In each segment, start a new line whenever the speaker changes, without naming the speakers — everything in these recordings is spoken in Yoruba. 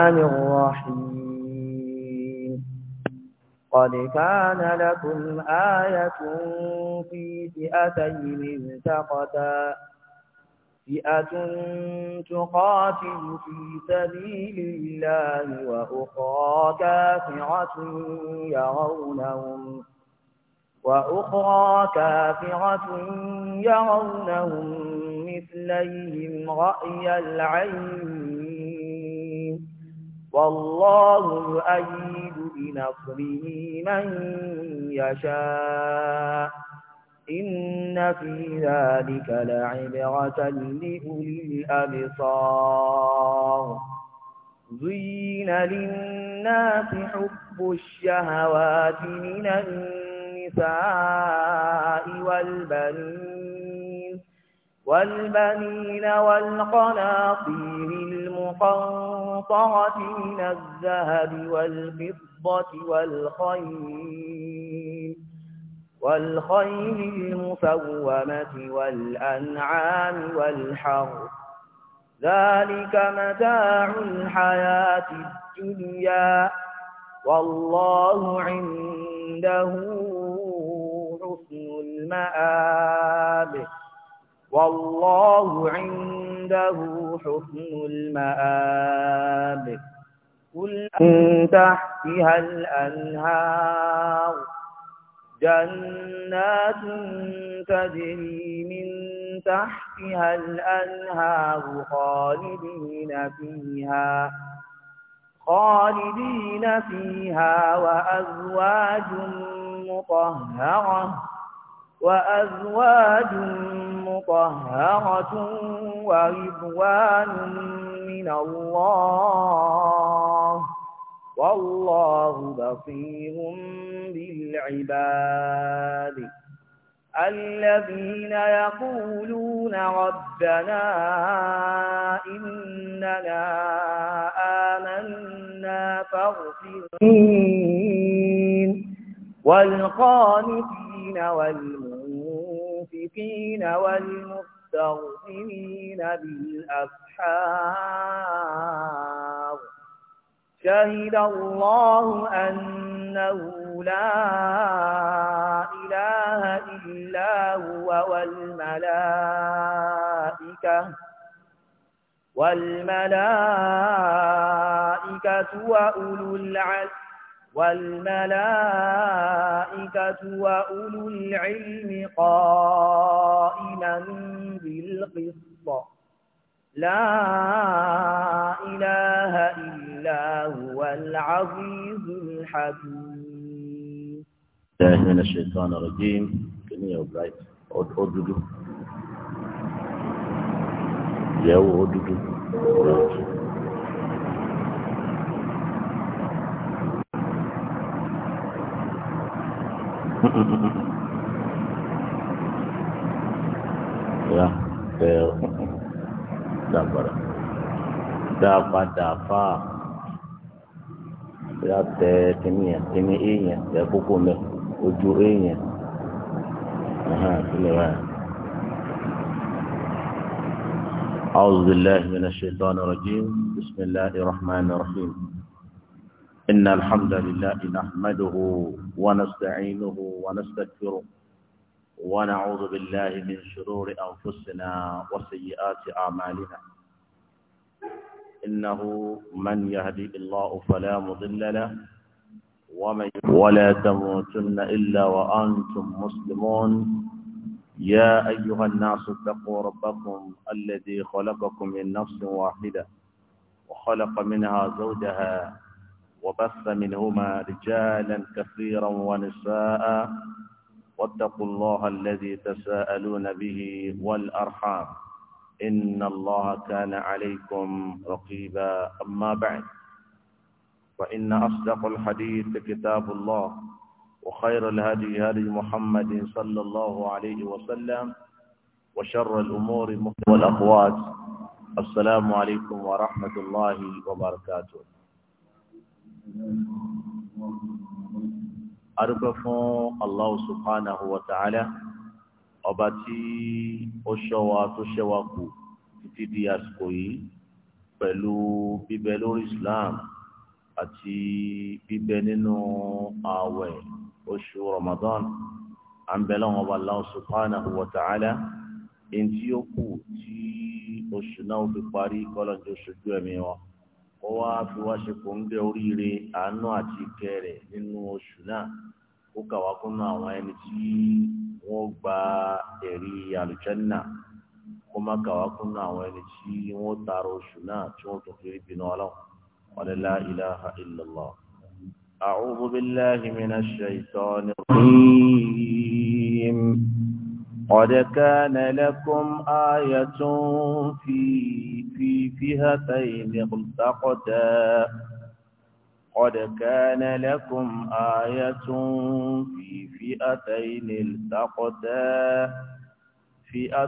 الرحمن الرحيم قد كان لكم آية في فئتين التقتا فئة تقاتل في سبيل الله وأخرى كافرة يرونهم وأخرى كافرة يرونهم مثليهم رأي العين والله يؤيد بنصره من يشاء إن في ذلك لعبرة لأولي الأبصار زين للناس حب الشهوات من النساء والبنين والبنين والقناطير المقنطرة من الذهب والفضة والخيل والخيل المسومة والأنعام والحرث ذلك متاع الحياة الدنيا والله عنده حسن المآب والله عنده حكم المآب قل من تحتها الأنهار جنات تجري من تحتها الأنهار خالدين فيها خالدين فيها وأزواج مطهرة وأزواج مطهرة ورضوان من الله والله بصير بالعباد الذين يقولون ربنا إننا آمنا فاغفر والقانتين والمؤمنين المشركين والمستغفرين بالأسحار شهد الله أنه لا إله إلا هو والملائكة والملائكة وأولو العزم والملائكة وأولو العلم قائما بالقسط لا إله إلا هو العزيز الحكيم
من الشيطان الرجيم كنية وبلايت أدودو يو أدودو ya tẹ dàgbàrà dàgbàdàfà ya tẹ kìnìyàn kìnì èèyàn tẹ kókó mẹ ojú èèyàn kìnìyàn wáyà. أعوذ بالله من الشيطان الرجيم بسم الله الرحمن الرحيم إن الحمد لله نحمده ونستعينه ونستغفره ونعوذ بالله من شرور أنفسنا وسيئات أعمالنا إنه من يهدي الله فلا مضل له ومن ولا تموتن إلا وأنتم مسلمون يا أيها الناس اتقوا ربكم الذي خلقكم من نفس واحدة وخلق منها زوجها وبث منهما رجالا كثيرا ونساء واتقوا الله الذي تساءلون به والأرحام إن الله كان عليكم رقيبا أما بعد فإن أصدق الحديث كتاب الله وخير الهدي هدي محمد صلى الله عليه وسلم وشر الأمور والأقوات السلام عليكم ورحمة الله وبركاته adúpẹ́ fún Allahu subhanahu wa ta'ala ọba tí ó ṣọ́ wa tó ṣẹ́ wa kù títí di àsìkò yìí pẹ̀lú bíbẹ lórí Islam àti bíbẹ nínú ààwẹ̀ oṣù Ramadan à ń bẹ lọ́wọ́ ọba Allahu subhanahu wa ta'ala èyí tí ó kù tí oṣù náà fi parí kọ́lọ́jọ́ oṣù ẹ̀mí wọn ó wá fi wá ṣe kò ń gẹ oríire àánú àti ìkẹ́ rẹ̀ nínú oṣù náà ó kà wá kúnnú àwọn ẹni tí wọ́n gba ẹ̀rí àlùjánnà kó má kà wá kúnnú àwọn ẹni tí wọ́n taara oṣù náà tí wọ́n tún fi bínú ọlọ́run ọ̀lẹ́lá ilaha illallah. أعوذ بالله من الشيطان
الرجيم قد
كان لكم آية في في فئتين التقتا قد كان لكم آية في فئتين التقتا فئة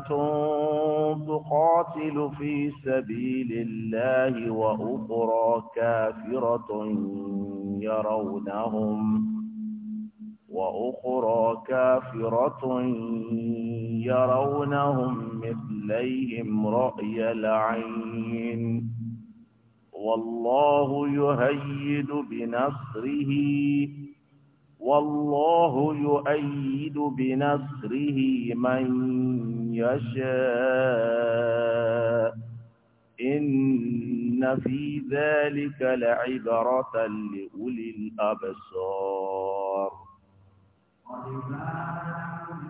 تقاتل في سبيل الله وأخرى كافرة يرونهم وأخرى كافرة يرونهم مثليهم رأي العين والله يهيد بنصره والله يؤيد بنصره من يشاء إن في ذلك لعبرة لأولي الأبصار
Amen.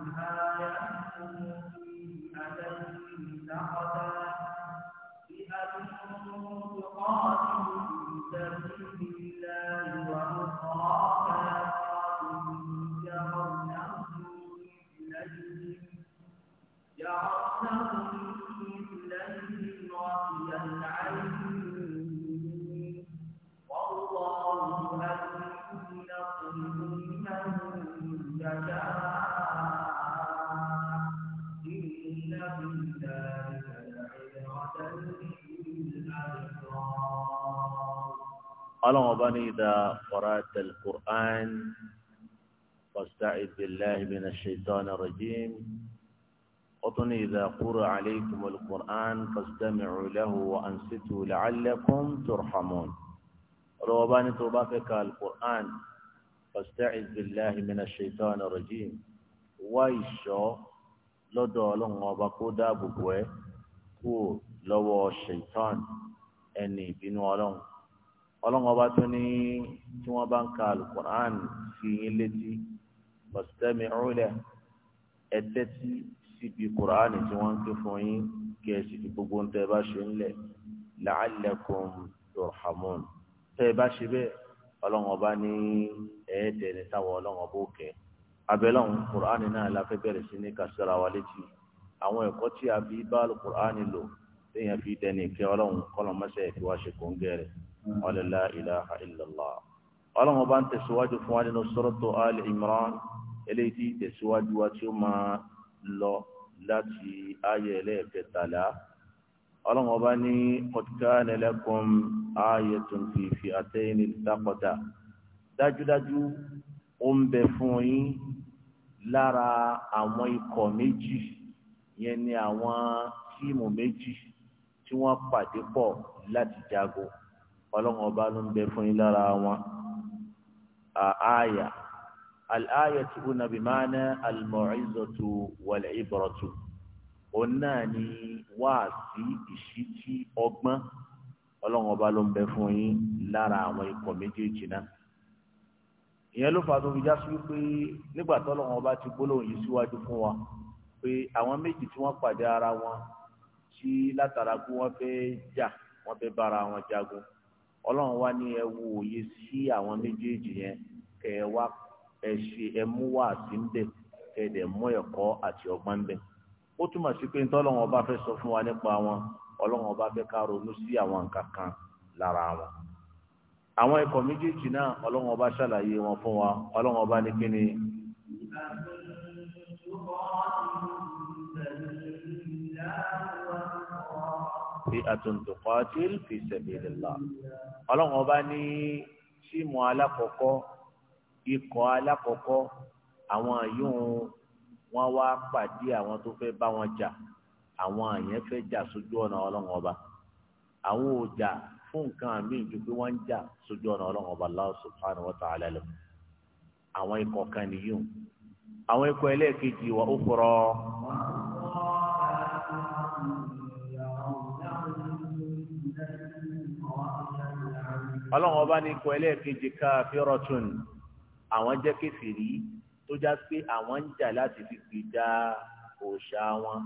ọlọ́run ọba ní ìdá qara'ta al-Qur'an fasta'id billahi minash shaitanir rajim ó tún ní ìdá quri'a alaykum al-Qur'an fastami'u lahu wa ansitu la'allakum turhamun ọlọ́run ọba ní tó bá fẹ́ ka al-Qur'an fasta'id billahi minash shaitanir rajim wá ìṣọ́ lọ́dọ̀ ọlọ́run ọba kó dáàbò bò ẹ́ kúrò lọ́wọ́ ṣèitán ẹni ìbínú ọlọ́run ọlọ́run ọba tún ní tí wọ́n bá ń ka alukur'an sí yín létí pàṣítẹ́mi ọ̀rẹ́lẹ̀ ẹ tẹ́tí síbi kur'an tí wọ́n ń ké fún yín kí ẹ sì fi gbogbo ń tẹ́ ẹ bá ṣe ń lẹ̀ la'allakum turhamun tẹ́ ẹ bá ṣe bẹ́ẹ̀ ọlọ́run ọba ní táwọn ọlọ́run ọba kẹ́ abẹ́lẹ́hùn kur'an náà la fẹ́ bẹ̀rẹ̀ sí ní kàṣẹ́ra létí àwọn ẹ̀kọ́ tí a fi bá alukur'an lò téèyàn fi dẹni ìkẹ́ ọlọ́run kọ́lọ́mọṣẹ́ wala la ilaha illallah ọlọ́run ọba ń tẹ̀síwájú fún wa nínú suratu Ali Imran eléyìí tí tẹ̀síwájú wa tí ó máa lọ láti ayé ẹlẹ́ẹ̀kẹtàlá ọlọ́run ọba ní qad kana lakum ayatun fi fi'atayn iltaqata dájúdájú ó ń bẹ fún yín lára àwọn ikọ̀ méjì yẹn ni àwọn tíìmù méjì tí wọ́n pàdé pọ̀ láti jago ọlọ́run ọba ló ń bẹ fún yín lára wọn àáyà àáyà tí ó nàbí máa ná àlùmọ̀ọ́ìzọ̀tù wọlé ìbọ̀rọ̀tù òun náà ni wáàsí ìṣítí ọgbọ́n ọlọ́run ọba ló ń bẹ fún yín lára àwọn ikọ̀ méjèèjì náà ìyẹn ló fa tó fi já sí wípé nígbà tó ọlọ́run ọba ti gbólóhùn yìí síwájú fún wa pé àwọn méjì tí wọ́n pàdé ara wọn tí látara kú wọ́n fẹ́ jà wọ́n fẹ́ bára wọn jagun ọlọ́run wá ní ẹwu òye sí àwọn méjèèjì yẹn kẹ ẹ wá ẹ ṣe ẹ mú wá àti ń bẹ kẹ ẹ mú àti ọgbọ́n bẹ ó túmọ̀ sí pé nítorí ọlọ́run ọba fẹ́ sọ fún wa nípa wọn ọlọ́run ọba fẹ́ ká ronú sí àwọn wọn àwọn ọba ṣàlàyé wọn fi'atun tuqatil fi sabilillah ọlọ́run ọba ní símù alákọ̀ọ́kọ́ ikọ̀ alákọ̀ọ́kọ́ àwọn yóò wọn wá pàdé àwọn tó fẹ́ bá wọn jà àwọn àyẹn fẹ́ jà sójú ọ̀nà ọlọ́run ọba àwọn ò jà fún nǹkan àmì ju pé wọ́n ń jà sójú ọ̀nà ọlọ́run ọba Allah subhanahu wa ta'ala àwọn ikọ̀ kan nìyí àwọn ikọ̀ ẹlẹ́ẹ̀kejì wà ó kọ̀rọ̀. ọlọ́run ọba ní ikọ̀ ẹlẹ́ẹ̀kejì kafiratun àwọn jẹ́ kèfèrí tó já pé àwọn ń jà láti fi gbèjà òòṣà wọn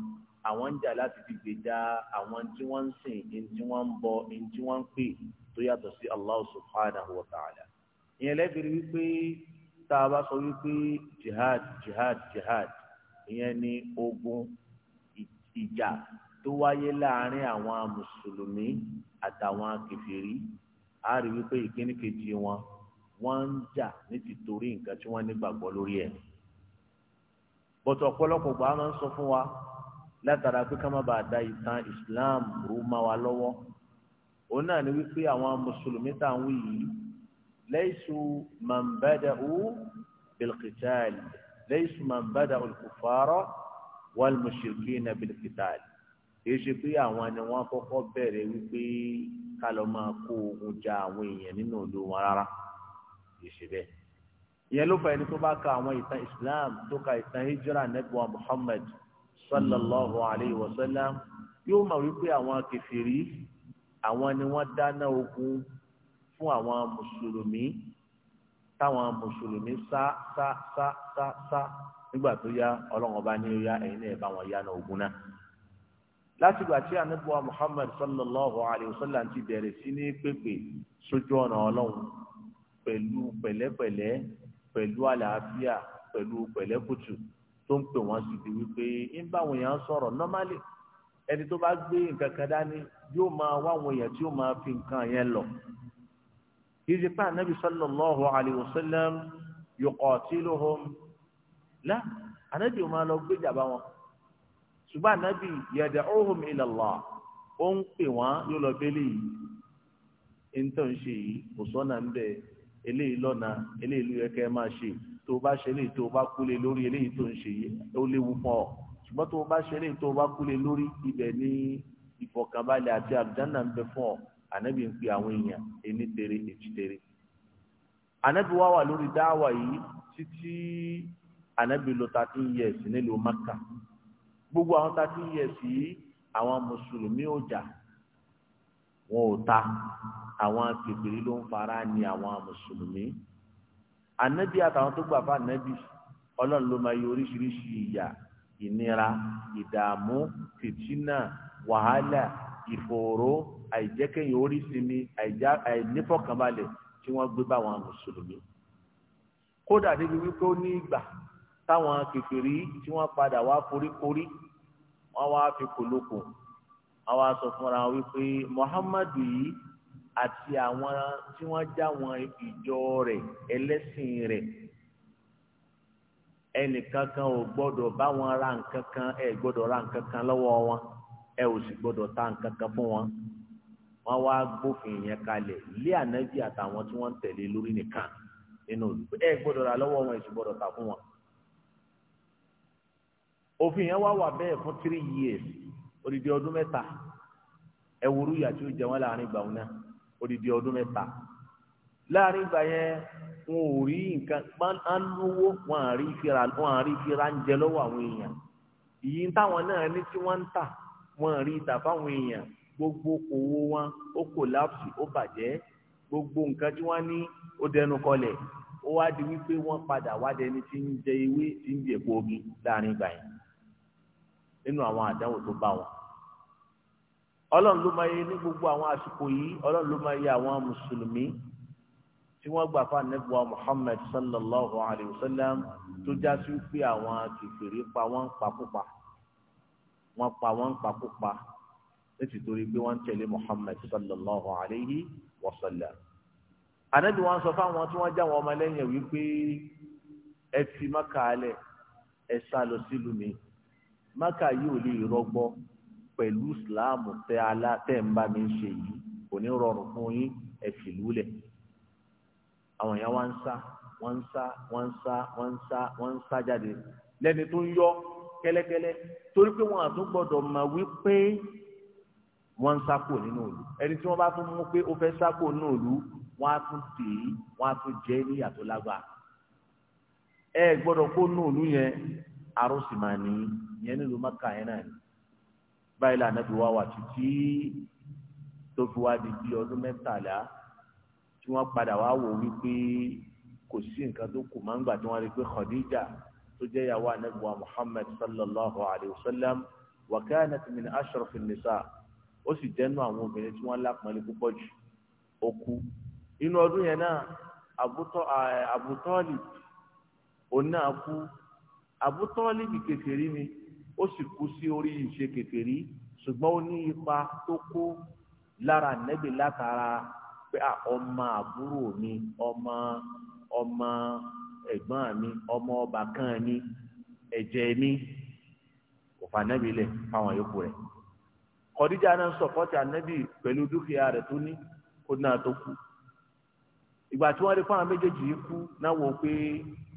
àwọn ń jà láti fi gbèjà àwọn tí wọ́n ń sìn ní tí wọ́n ń bọ ní tí wọ́n ń pè tó yàtọ̀ sí Allah subhanahu wa ta'ala ìyẹn lẹ́bìrì wípé tá a bá sọ wípé jihad jihad jihad ìyẹn ni ogun ìjà tó wáyé láàárín àwọn mùsùlùmí àtàwọn kèfèrí a rí wípé ìkíní kejì wọn wọ́n ń jà ní tìtorí nǹkan tí wọ́n nígbàgbọ́ lórí ẹ̀ bọ́tọ̀ ọ̀pọ̀lọpọ̀ gbà máa ń sọ fún wa látara pé ká má bàa da ìtàn Islam rú má wa lọ́wọ́ òun náà ni wípé àwọn mùsùlùmí tá à ń wí yìí laysu man bada'u bilqital laysu man bada'u al-kuffara wal-mushrikina bilqital kì í ṣe pé àwọn ni wọ́n kọ́kọ́ bẹ̀rẹ̀ wípé ká lọ máa kó ogun ja àwọn èèyàn nínú ìlú wọn rárá kìí ṣe bẹ́ẹ̀ ìyẹn ló fa ẹni tó bá ka àwọn ìtàn islam tó ka ìtàn hijra nẹ́gbọ̀n muhammad sallallahu alayhi wa sallam yóò mọ̀ wípé àwọn kẹfìrí àwọn ni wọ́n dáná ogun fún àwọn mùsùlùmí táwọn mùsùlùmí sá sá sá sá sá nígbà tó yá ọlọ́run ọba ní yá ẹ̀yin náà bá wọn yá náà ogun náà látìgbà tí anábọ̀ muhammad sallallahu alayhi wa sallam ti bẹ̀rẹ̀ sí ní pèpè sójú ọ̀nà ọlọ́run pẹ̀lú pẹ̀lẹ́pẹ̀lẹ́ pẹ̀lú àlàáfíà pẹ̀lú pẹ̀lẹ́kùtù tó ń pè wọ́n sì di wípé ń bá àwọn èèyàn sọ̀rọ̀ normally ẹni tó bá gbé nǹkan kan dání yóò máa wá àwọn èèyàn tí yóò máa fi nǹkan yẹn lọ. ìdí pa anabi sallallahu alayhi wa sallam yuqatiluhum la anabi ò máa lọ gbéjà bá wọn ṣùgbọ́n ànábì yad'uhum ila Allah ó ń pè wọ́n yóò lọ bẹ́lẹ̀ yìí ntọ́ ń ṣe yìí kò sọ́nà ń bẹ eléyìí lọ́nà eléyìí ló yẹ kẹ́ ẹ máa ṣe tó o bá ṣe eléyìí tó o bá kúlé lórí eléyìí tó ń ṣe yìí ó léwu fún ọ ṣùgbọ́n tó o bá ṣe eléyìí tó o bá kúlé lórí ibẹ̀ ní ìfọ̀kànbalẹ̀ àti àlùjánnà ń bẹ fún ọ ànábì ń pe àwọn èèyàn ẹni tèrè èjì tèrè ànábì wá wà lórí dáwà yìí títí ànábì lọ thirteen years nílùú Mákà gbogbo àwọn tá a ti yẹ sí àwọn mùsùlùmí ò jà wọn ò ta àwọn kèfèrí ló ń fara ní àwọn mùsùlùmí ànábì àtàwọn tó gbà fún ànábì ọlọ́run ló máa yọ oríṣiríṣi ìyà ìnira ìdààmú fìtínà wàhálà ìfòòró àìjẹ́kẹ̀yìn oríṣiríṣi àìnífọ̀kànbalẹ̀ tí wọ́n gbé bá àwọn mùsùlùmí kódà débi wípé ó ní ìgbà táwọn kèfèrí tí wọ́n padà wá foríkorí wọ́n wá fi kòlókò wọ́n wá sọ fúnra wípé Muhammadu yìí àti àwọn tí wọ́n já wọn ìjọ rẹ̀ ẹlẹ́sìn rẹ̀ ẹnìkankan ò gbọ́dọ̀ bá wọn ra nǹkankan ẹ gbọ́dọ̀ ra nǹkankan lọ́wọ́ wọn ẹ ò sì gbọ́dọ̀ ta nǹkankan fún wọn wọ́n wá gbófin yẹn kalẹ̀ lé ànábì àtàwọn tí wọ́n ń lórí nìkan nínú ẹ gbọ́dọ̀ ra lọ́wọ́ wọn ẹ sì gbọ́dọ̀ ta fún wọn òfin yẹn wá wà bẹ́ẹ̀ fún three years odidi ọdún mẹ́ta ẹwùrú yà tí ó jẹ wọn láàrin ìgbà wọn náà odidi ọdún mẹ́ta láàrin ìgbà yẹn wọn ò rí nǹkan á lówó wọn à rí fira wọn à rí fira ń jẹ lọ́wọ́ àwọn èèyàn ìyí táwọn náà ní tí wọ́n ń tà wọn à ìtà fáwọn èèyàn gbogbo owó wọn ó kòlápsì ó bàjẹ́ gbogbo nǹkan tí wọ́n ní ó dẹnu kọlẹ̀ ó wá di wípé wọ́n padà wá dẹni tí ń jẹ ewé tí ń jẹ epo láàrin ìgbà yẹn nínú àwọn àdáwò tó bá wọn ọlọ́run ló máa yẹ ní gbogbo àwọn àsìkò yìí ọlọ́run ló máa yẹ àwọn mùsùlùmí tí wọ́n gbà fún anabuwa muhammed sallallahu alayhi wa sallam tó já sí pé àwọn kìfìrí pa wọ́n pakópa wọ́n pa wọ́n pakópa létí torí pé wọ́n tẹ̀lé muhammed sallallahu alayhi wa sallam anabi wọn sọ fáwọn tí wọ́n já wọn ọmọlẹ́yìn wípé ẹ fi Mákà lẹ̀ ẹ sá lọ sílùú mi maka yìí ò lè rọgbọ pẹ̀lú ìsìláàmù tẹ́ alá tẹ́ ń bá mi ṣe yìí kò ní rọrùn fún yín ẹ̀fì lúlẹ̀ àwọn èèyàn wá ń sá wọ́n ń sá wọ́n ń sá wọ́n ń sá wọ́n ń sá jáde lẹ́ni tó ń yọ kẹ́lẹ́kẹ́lẹ́ torí pé wọn àtún gbọ́dọ̀ mọ̀ wípé wọ́n ń sáko nínú òlu ẹni tí wọ́n bá tún mú pé ó fẹ́ sáko nínú òlu wọ́n á tún dè é wọ́n á tún jẹ ní ìyàtọ̀ lágbà ẹ gbọ́dọ̀ kó nínú òlu yẹn arúsì máa ní ìyẹn nílùú maka yẹn náà ni báyìí lànàbí wa wà títí tó fi wá di bí ọdún mẹ́tàlá tí wọ́n padà wá wò wípé kò sí nǹkan tó kù máa ń gbà tí wọ́n rí pé Khadija tó jẹ́ ìyàwó ànábì wa Muhammad sallallahu alayhi wa sallam wa kanat min ashraf an-nisa ó sì jẹ́nu àwọn obìnrin tí wọ́n lápọ̀nlé púpọ̀ jù ó kú inú ọdún yẹn náà Abu Talib òun náà kú Abu ni ó sì kú sí orí ìṣe kèfèrí ṣùgbọ́n ó ní ipa tó kó lára nẹ́bí látara pé ọmọ àbúrò mi ọmọ ọmọ ẹ̀gbọ́n mi ọmọ ọbàkan mi ẹ̀jẹ̀ mi kò fà nẹ́bí lẹ̀ fáwọn yòókù rẹ̀ kọ̀díjà náà sọ̀pọ̀tì ànẹ́bí pẹ̀lú dúkìá rẹ̀ tó ní kó náà tó kú ìgbà tí wọ́n rí fáwọn méjèèjì yìí kú náà wò pé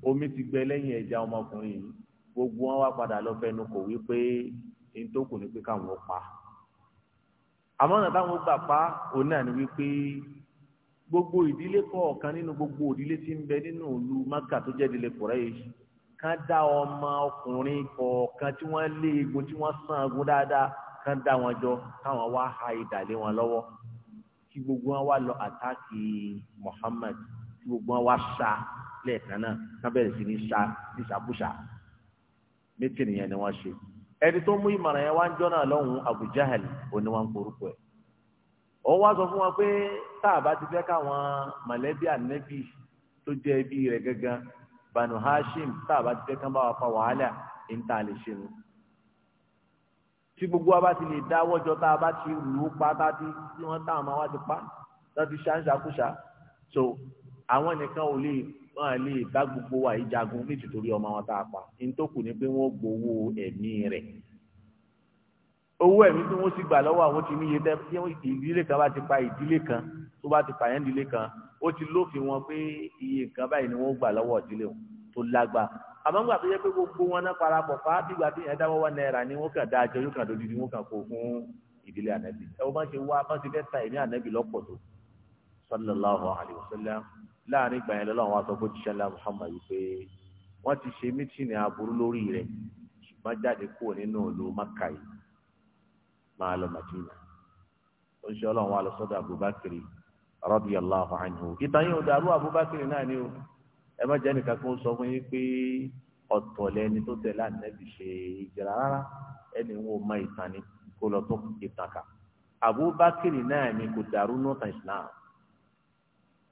omi ti gbẹ lẹ́yìn ẹja ọmọkùnrin yìí gbogbo wọn wá padà lọ fẹnu kò wí pé n tó kù ní pé káwọn pa àmọ́ ọ̀nà táwọn gbà pa òun náà ni wípé gbogbo ìdílé kọ̀ọ̀kan nínú gbogbo ìdílé tí ń bẹ nínú ìlú Mákà tó jẹ́ ìdílé Quraysh kán dá ọmọ ọkùnrin kọ̀ọ̀kan tí wọ́n lé egun tí wọ́n sàn agun dáadáa kán dá wọn jọ káwọn wá ha ìdàlẹ́ wọn lọ́wọ́ kí gbogbo wọn wá lọ àtàkì Muhammad kí gbogbo wọn wá sa lẹ́ẹ̀kan náà kán bẹ̀rẹ̀ sí ní sa ní sàkúsà mítìnì yẹn ni wọ́n ṣe ẹni tó mú ìmọ̀ràn yẹn wá ń jọ́nà lọ́hùn Abu Jahal òní wọn korúkọ ẹ̀ ó wá sọ fún wọn pé tá a bá ti fẹ́ káwọn mọ̀lẹ́bí ànẹ́bí tó jẹ́ ẹbí rẹ̀ gangan Banu Hashim tá a bá ti fẹ́ kán bá wa fa wàhálà níta lè ṣe nu tí gbogbo wa bá ti lè dáwọ́jọ tá a bá ti lù ú pa tá ti tí wọ́n tá àwọn wa ti pa tá ti ṣáńṣàkúṣà so àwọn nìkan ò lè wọn à lè bá gbogbo wa yìí jagun nítorí ọmọ wọn tá a pa ntòkù ni pé wọn gbowó ẹ̀mí rẹ̀ owó ẹ̀mí tí wọ́n sì gbà lọ́wọ́ àwọn ti níye dẹ́ tí ìdílé kan bá ti pa ìdílé kan tó bá ti pààyàn ìdílé kan ó ti lófin wọn pé iye nǹkan báyìí ni wọ́n gbà lọ́wọ́ ìdílé wọn tó lágbà àmọ́ ńgbà tó yẹ pé gbogbo wọn náà parapọ̀ fà á dìgbà tí yẹn dáwọ́ wọn náírà ni wọ́n kàn dáa jẹ yóò kàn dòdì ni wọ́n kàn kó fún ìdílé ànábì ẹ wọ́n bá wá bá ṣe fẹ́ ta ẹ̀mí ànábì lọ́pọ̀ tó sallallahu alaihi wasallam láàrin ìgbà yẹn lọ́lọ́run wa sọ pé jíṣẹ́ ńlá Muhammad yìí pé wọ́n ti ṣe mítìnì aburú lórí rẹ̀ ṣùgbọ́n jáde kúrò nínú ìlú Maka yìí máa lọ Madina ó ń ṣe ọlọ́run wa lọ sọ́dọ̀ Abubakar radiyallahu anhu ìtàn yìí ò dàrú Abubakar náà ni o ẹ má jẹ́ nìkan kó sọ fún yín pé ọ̀tọ̀ lẹni tó tẹ̀lé ànẹ́bí ṣe ìjìrà rárá ẹni wọn ò mọ ìtàn ni kó lọ tó ìtàn ká Abubakar náà ni kò dàrú nọ́ọ̀tàn Islam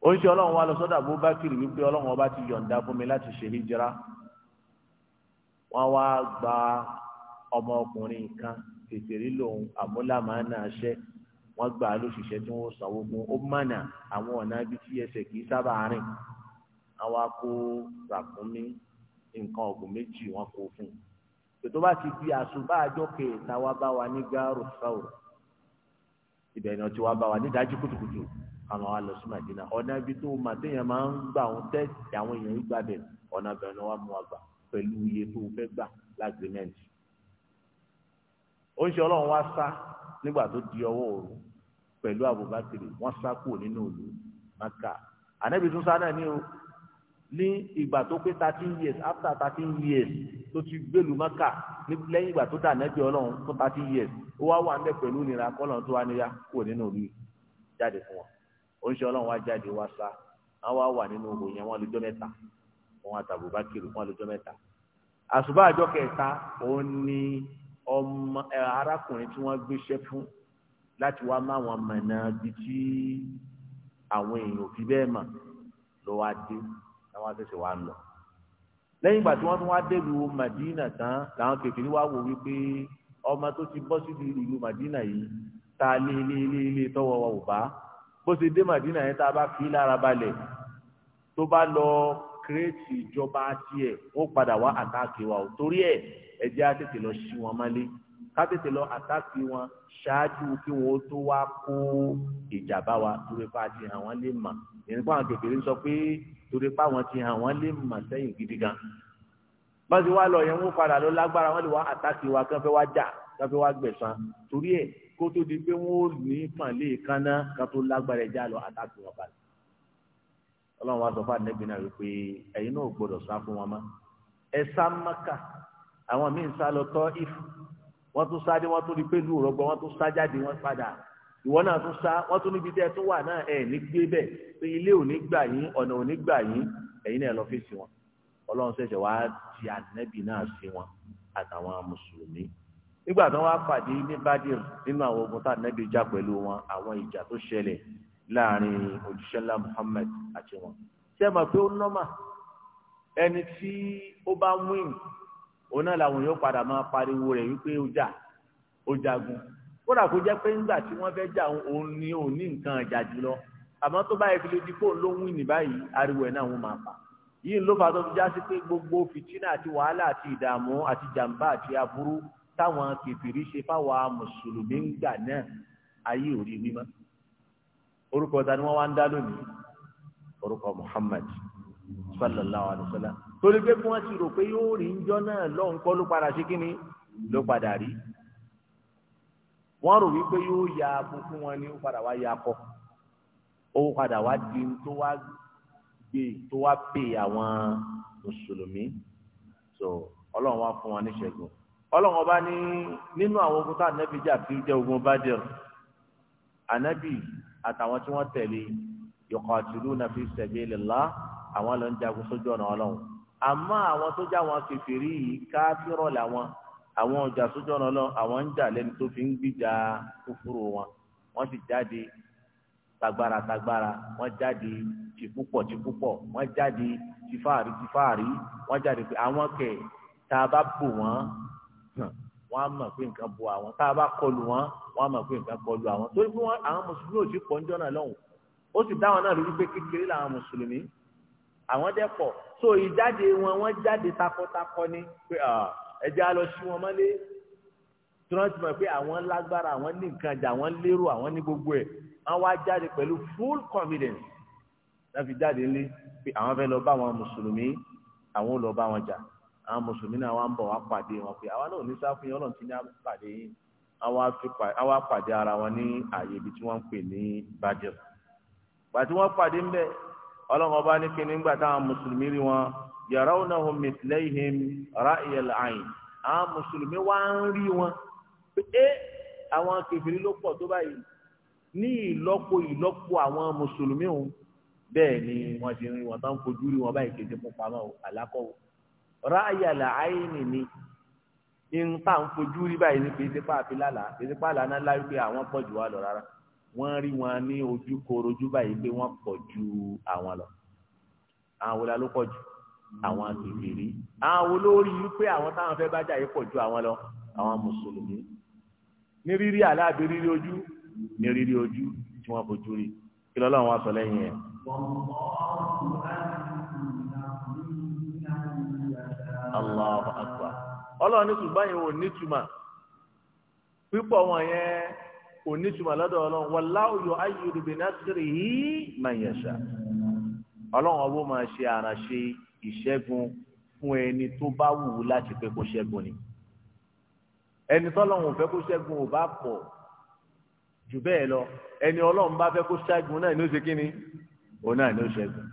oúnjẹ ọlọ́run wa lọ sọ́dọ̀ abubakar wípé ọlọ́run ọba ti yọ̀ǹda fún mi láti ṣe hijira wọ́n wá gba ọmọkùnrin kan tètèrè lòun àmúlàmánà ṣẹ́ wọ́n gba lóṣìṣẹ́ tí wọ́n sanwó fún ó mànà àwọn ọ̀nà ibi tí ẹsẹ̀ kì í sábà rìn àwọn akó ràkúnmí nǹkan ọ̀gùn méjì wọ́n kó fún un tètò bá ti di àṣùbà àjọ kẹta wá bá wa ní gáàrú sáwò ibẹ̀ ni wọ́n ti wá bá wa ní ìdájí kùtùkùtù àwọn wa lọ sí Madina ọ̀nà ibi tó ma téèyàn máa ń gbà àwọn tẹ́sì àwọn èèyàn yìí gbà ọ̀nà bẹ̀rẹ̀ ni wọ́n mú wa gbà pẹ̀lú iye tó fẹ́ gbà lágbèmẹ́ǹtì. ó ń ṣe ọlọ́run wá sá nígbà tó di ọwọ́ òru pẹ̀lú Abubakar wọ́n sá kúrò nínú òlu Maka ànábì tún sá náà ní o ní ìgbà tó pé thirteen years after thirteen years tó ti gbèlú Maka lẹ́yìn ìgbà tó dà nẹ́bí ọlọ́run fún thirteen years ó wá wà ń oníṣẹ́ ọlọ́run wá jáde wá sá àwọn wà nínú òhò yẹn wọ́n lọ́jọ́ mẹ́ta wọn àtàbùbákìrì wọ́n lọ́jọ́ mẹ́ta àṣùbà àjọ kẹta òun ni ọmọ arákùnrin tí wọ́n gbéṣẹ́ fún láti wá má wọn mọ̀nà bí tí àwọn èèyàn òbí bẹ́ẹ̀ mọ̀ ló wá dé láwọn àṣẹ̀ṣẹ̀ wá lọ lẹ́yìn ìgbà tí wọ́n tún wá délu Madina tán làwọn kèfèrí wá wò wípé ọmọ tó ti bọ́ sí ìlú Madina yìí ta lé lé lé lé tọ́wọ́ wa ò bá bó ṣe dé màdínà yẹn tá a bá fi lára balẹ̀ tó bá lọ kírètì ìjọba tiẹ̀ wọ́n padà wá àtàkì wa ò torí ẹ̀ ẹ̀jẹ̀ á tètè lọ sí wọn mọ́lé ká tètè lọ àtàkì wọn ṣáájú kí wọn ó tó wá kó ìjàmbá wa torí pa ti hàn wọ́n lè mà ìrìn pa àwọn kékeré sọ pé torí pa àwọn ti hàn wọ́n lè mà sẹ́yìn gidi gan bọ́sẹ̀ wá lọ yẹn wọ́n padà lọ lágbára wọ́n lè wá àtàkì wa kán fẹ́ wá jà kán fẹ́ wá gbẹ̀san torí ẹ̀ kó tó di pé wọn ò ní pàlẹ́ kaná ká tó lágbára ẹja lọ àtàkì wọn balẹ̀ ọlọ́run wa sọ fún àdínẹ́bí náà wípé ẹ̀yin náà gbọ́dọ̀ sá fún wọn mọ́ ẹ sá mọ́kà àwọn míì ń sá lọ tọ́ ìfù wọ́n tún sá dé wọ́n tún rí pé lù rọgbọ wọ́n tún sá jáde wọ́n padà ìwọ náà tún sá wọ́n tún níbi tẹ́ ẹ tún wà náà ẹ̀ ní gbé bẹ́ẹ̀ pé ilé ò ní gbà yín ọ̀nà ò ní gbà yín ẹ̀yin náà lọ fèsì wọn ọlọ́run ṣẹ̀ṣẹ̀ wá ti àdínẹ́bí náà sí wọn àtàwọn mùsùlùmí nígbà tí wọ́n pàdé ní Badr nínú àwọn ogun tá nẹ́bí jà pẹ̀lú wọn àwọn ìjà tó ṣẹlẹ̀ láàrin òjíṣẹ́lá Muhammad àti wọn. ṣé ẹ mọ̀ pé ó nọ́mà ẹni tí ó bá wíìn òun náà làwọn yóò padà máa pariwo rẹ̀ wípé ó jà ó jagun kódà kó jẹ́ pé nígbà tí wọ́n fẹ́ jà òun ni òun ní nǹkan ìjà jùlọ àmọ́ tó báyìí fi lè di ló ń wíìn báyìí ariwo ẹ̀ náà wọ́n máa pa yìí ló fà tó fi já sí pé gbogbo fìtínà àti wàhálà àti ìdààmú àti jàǹbá àti aburú táwọn kẹfìrí ṣe fáwa mùsùlùmí ń gbà náà ayé ò rí wí mọ́ orúkọ ta ni wọ́n wá ń dá lónìí orúkọ Muhammad sallallahu alayhi wa sallam torí pé kí wọ́n ti rò pé yóò rí njọ́ náà lọ́hùn kọ́ ló padà sí kínní ló padà rí wọ́n rò wípé yóò ya abo fún wọn ni ó padà wá ya akọ ó padà wá di tó wá gbé tó wá pè àwọn mùsùlùmí so ọlọ́run wá fún wọn níṣẹ́gun ọlọ́run ọba ní nínú àwọn ogun tá ànábì jà fi jẹ́ ogun Badr ànábì àtàwọn tí wọ́n tẹ̀lé yuqatiluna fi sabilillah àwọn ló ń jagun sójú ọ̀nà ọlọ́run àmọ́ àwọn tó já wọn kèfèrí yìí káfírọ̀ làwọn àwọn ọjà sójú ọ̀nà ọlọ́run àwọn ń jà lẹ́nu tó fi ń gbìjà kúfúrú wọn wọ́n ti jáde tagbára tagbára wọ́n jáde ti púpọ̀ ti púpọ̀ wọ́n jáde ti fáàrí wọ́n jáde pé àwọn kẹ̀ tá a bá bò wọ́n wọ́n á mọ̀ pé nǹkan bọ àwọn tá a bá kọlù wọn wọ́n á mọ̀ pé nǹkan kọlù àwọn torí pé àwọn mùsùlùmí ò sí pọ̀ ń jọ́nà lọ́hùn ó sì dáwọn náà lórí pé kékeré làwọn mùsùlùmí àwọn dẹ́ pọ̀ so ìjáde wọn wọ́n jáde takọtakọ ni pé ẹja lọ sí wọn mọ́lé tí wọ́n ti mọ̀ pé àwọn lágbára àwọn ní nǹkan jà àwọn lérò àwọn ní gbogbo ẹ̀ wọ́n wá jáde pẹ̀lú full confidence láti jáde ńlé pé àwọn fẹ́ lọ bá àwọn mùsùlùmí àwọn ò lọ bá wọn jà àwọn mùsùlùmí náà wá ń bọ̀ wá pàdé wọn pé àwa náà ní sáfihàn ọlọ́run ti ní àpàdé pàdé ara wọn ní ààyè ibi tí wọ́n ń pè ní bàjẹ́ wọ́n pàdé ńbẹ ọlọ́run ọba ní kíni ńgbà táwọn mùsùlùmí rí wọn àwọn mùsùlùmí ń rí wọn pé é àwọn ló pọ̀ tó báyìí ní ìlọ́po ìlọ́po àwọn mùsùlùmí òun bẹ́ẹ̀ ni wọ́n ti ráyàlà àìní ni nta ń fojú rí báyìí ní kéde pààfin lálàá kéde pààlà náà lárí pé àwọn pọ̀ jù wá lọ rárá wọ́n rí wọn ní ojú korojú báyìí pé wọ́n pọ̀ ju àwọn lọ àwọn wòlá ló pọ̀ jù àwọn kèfèrí àwọn olórí wípé àwọn táwọn fẹ́ bá jàyè pọ̀ ju àwọn lọ àwọn mùsùlùmí ní rírí aláàbí rírí ojú ní rírí ojú tí wọ́n fojú rí kí lọ́lọ́run wá sọ lẹ́yìn ẹ̀.
Allahu akbar
ọlọ́run ní ṣùgbọ́n yẹn ò ní túmọ̀ pípọ̀ wọn yẹn ò ní túmọ̀ lọ́dọ̀ ọlọ́run wallahu yu'ayyidu bi nasrihi man yasha ọlọ́run ọwọ́ máa ṣe àràṣe ìṣẹ́gun fún ẹni tó bá wù ú láti pé kó ṣẹ́gun ni ẹni tọ́lọ́run fẹ́ kó ṣẹ́gun ò bá pọ̀ jù bẹ́ẹ̀ lọ ẹni ọlọ́run bá fẹ́ kó ṣẹ́gun náà ní ó ṣe kíni òun náà ní ó ṣẹ́gun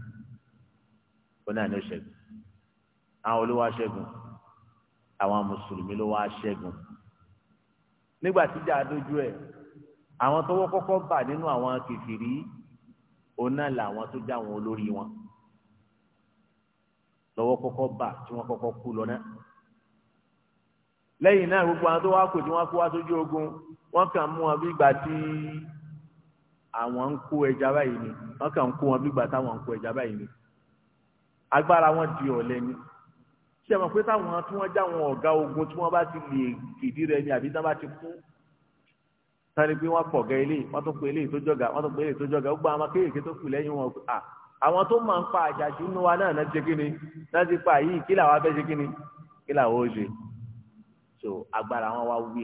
òun náà ní ó ṣẹ́gun àwọn olówó aṣẹ́gun àwọn mùsùlùmí ló wá aṣẹ́gun nígbà tíjà dojú ẹ̀ àwọn tọ́wọ́ kọ́kọ́ bà nínú àwọn kìfìrí òun náà làwọn tó já wọn olórí wọn lọ́wọ́ kọ́kọ́ bà tí wọ́n kọ́kọ́ kú lọ náà lẹ́yìn náà gbogbo àwọn tó wá kù tí wọ́n kó wá sójú ogun wọ́n kàn mú wọn bí ìgbà tí àwọn ń kó ẹja báyìí ni wọ́n kàn ń kó wọn bí ìgbà táwọn ń kó ẹja báyìí ni agbára wọn di ọ̀lẹ ni ṣe mọ̀ pé táwọn tí wọ́n já wọn ọ̀gá ogun tí wọ́n bá ti lè fìdí rẹ ni àbí tá bá ti kú sáré pé wọ́n pọ̀ gẹ́ ilé wọ́n tó pe ilé tó jọ̀gà wọ́n tó pe ilé tó jọ̀gà ó gba àwọn kéèké tó kù lẹ́yìn wọn à àwọn tó máa ń pa àjàṣù nínú wa náà náà ṣe kí ni náà ti pa yìí kí làwọn abẹ́ ṣe kí ni kí làwọn ó ṣe so agbára wọn wá wí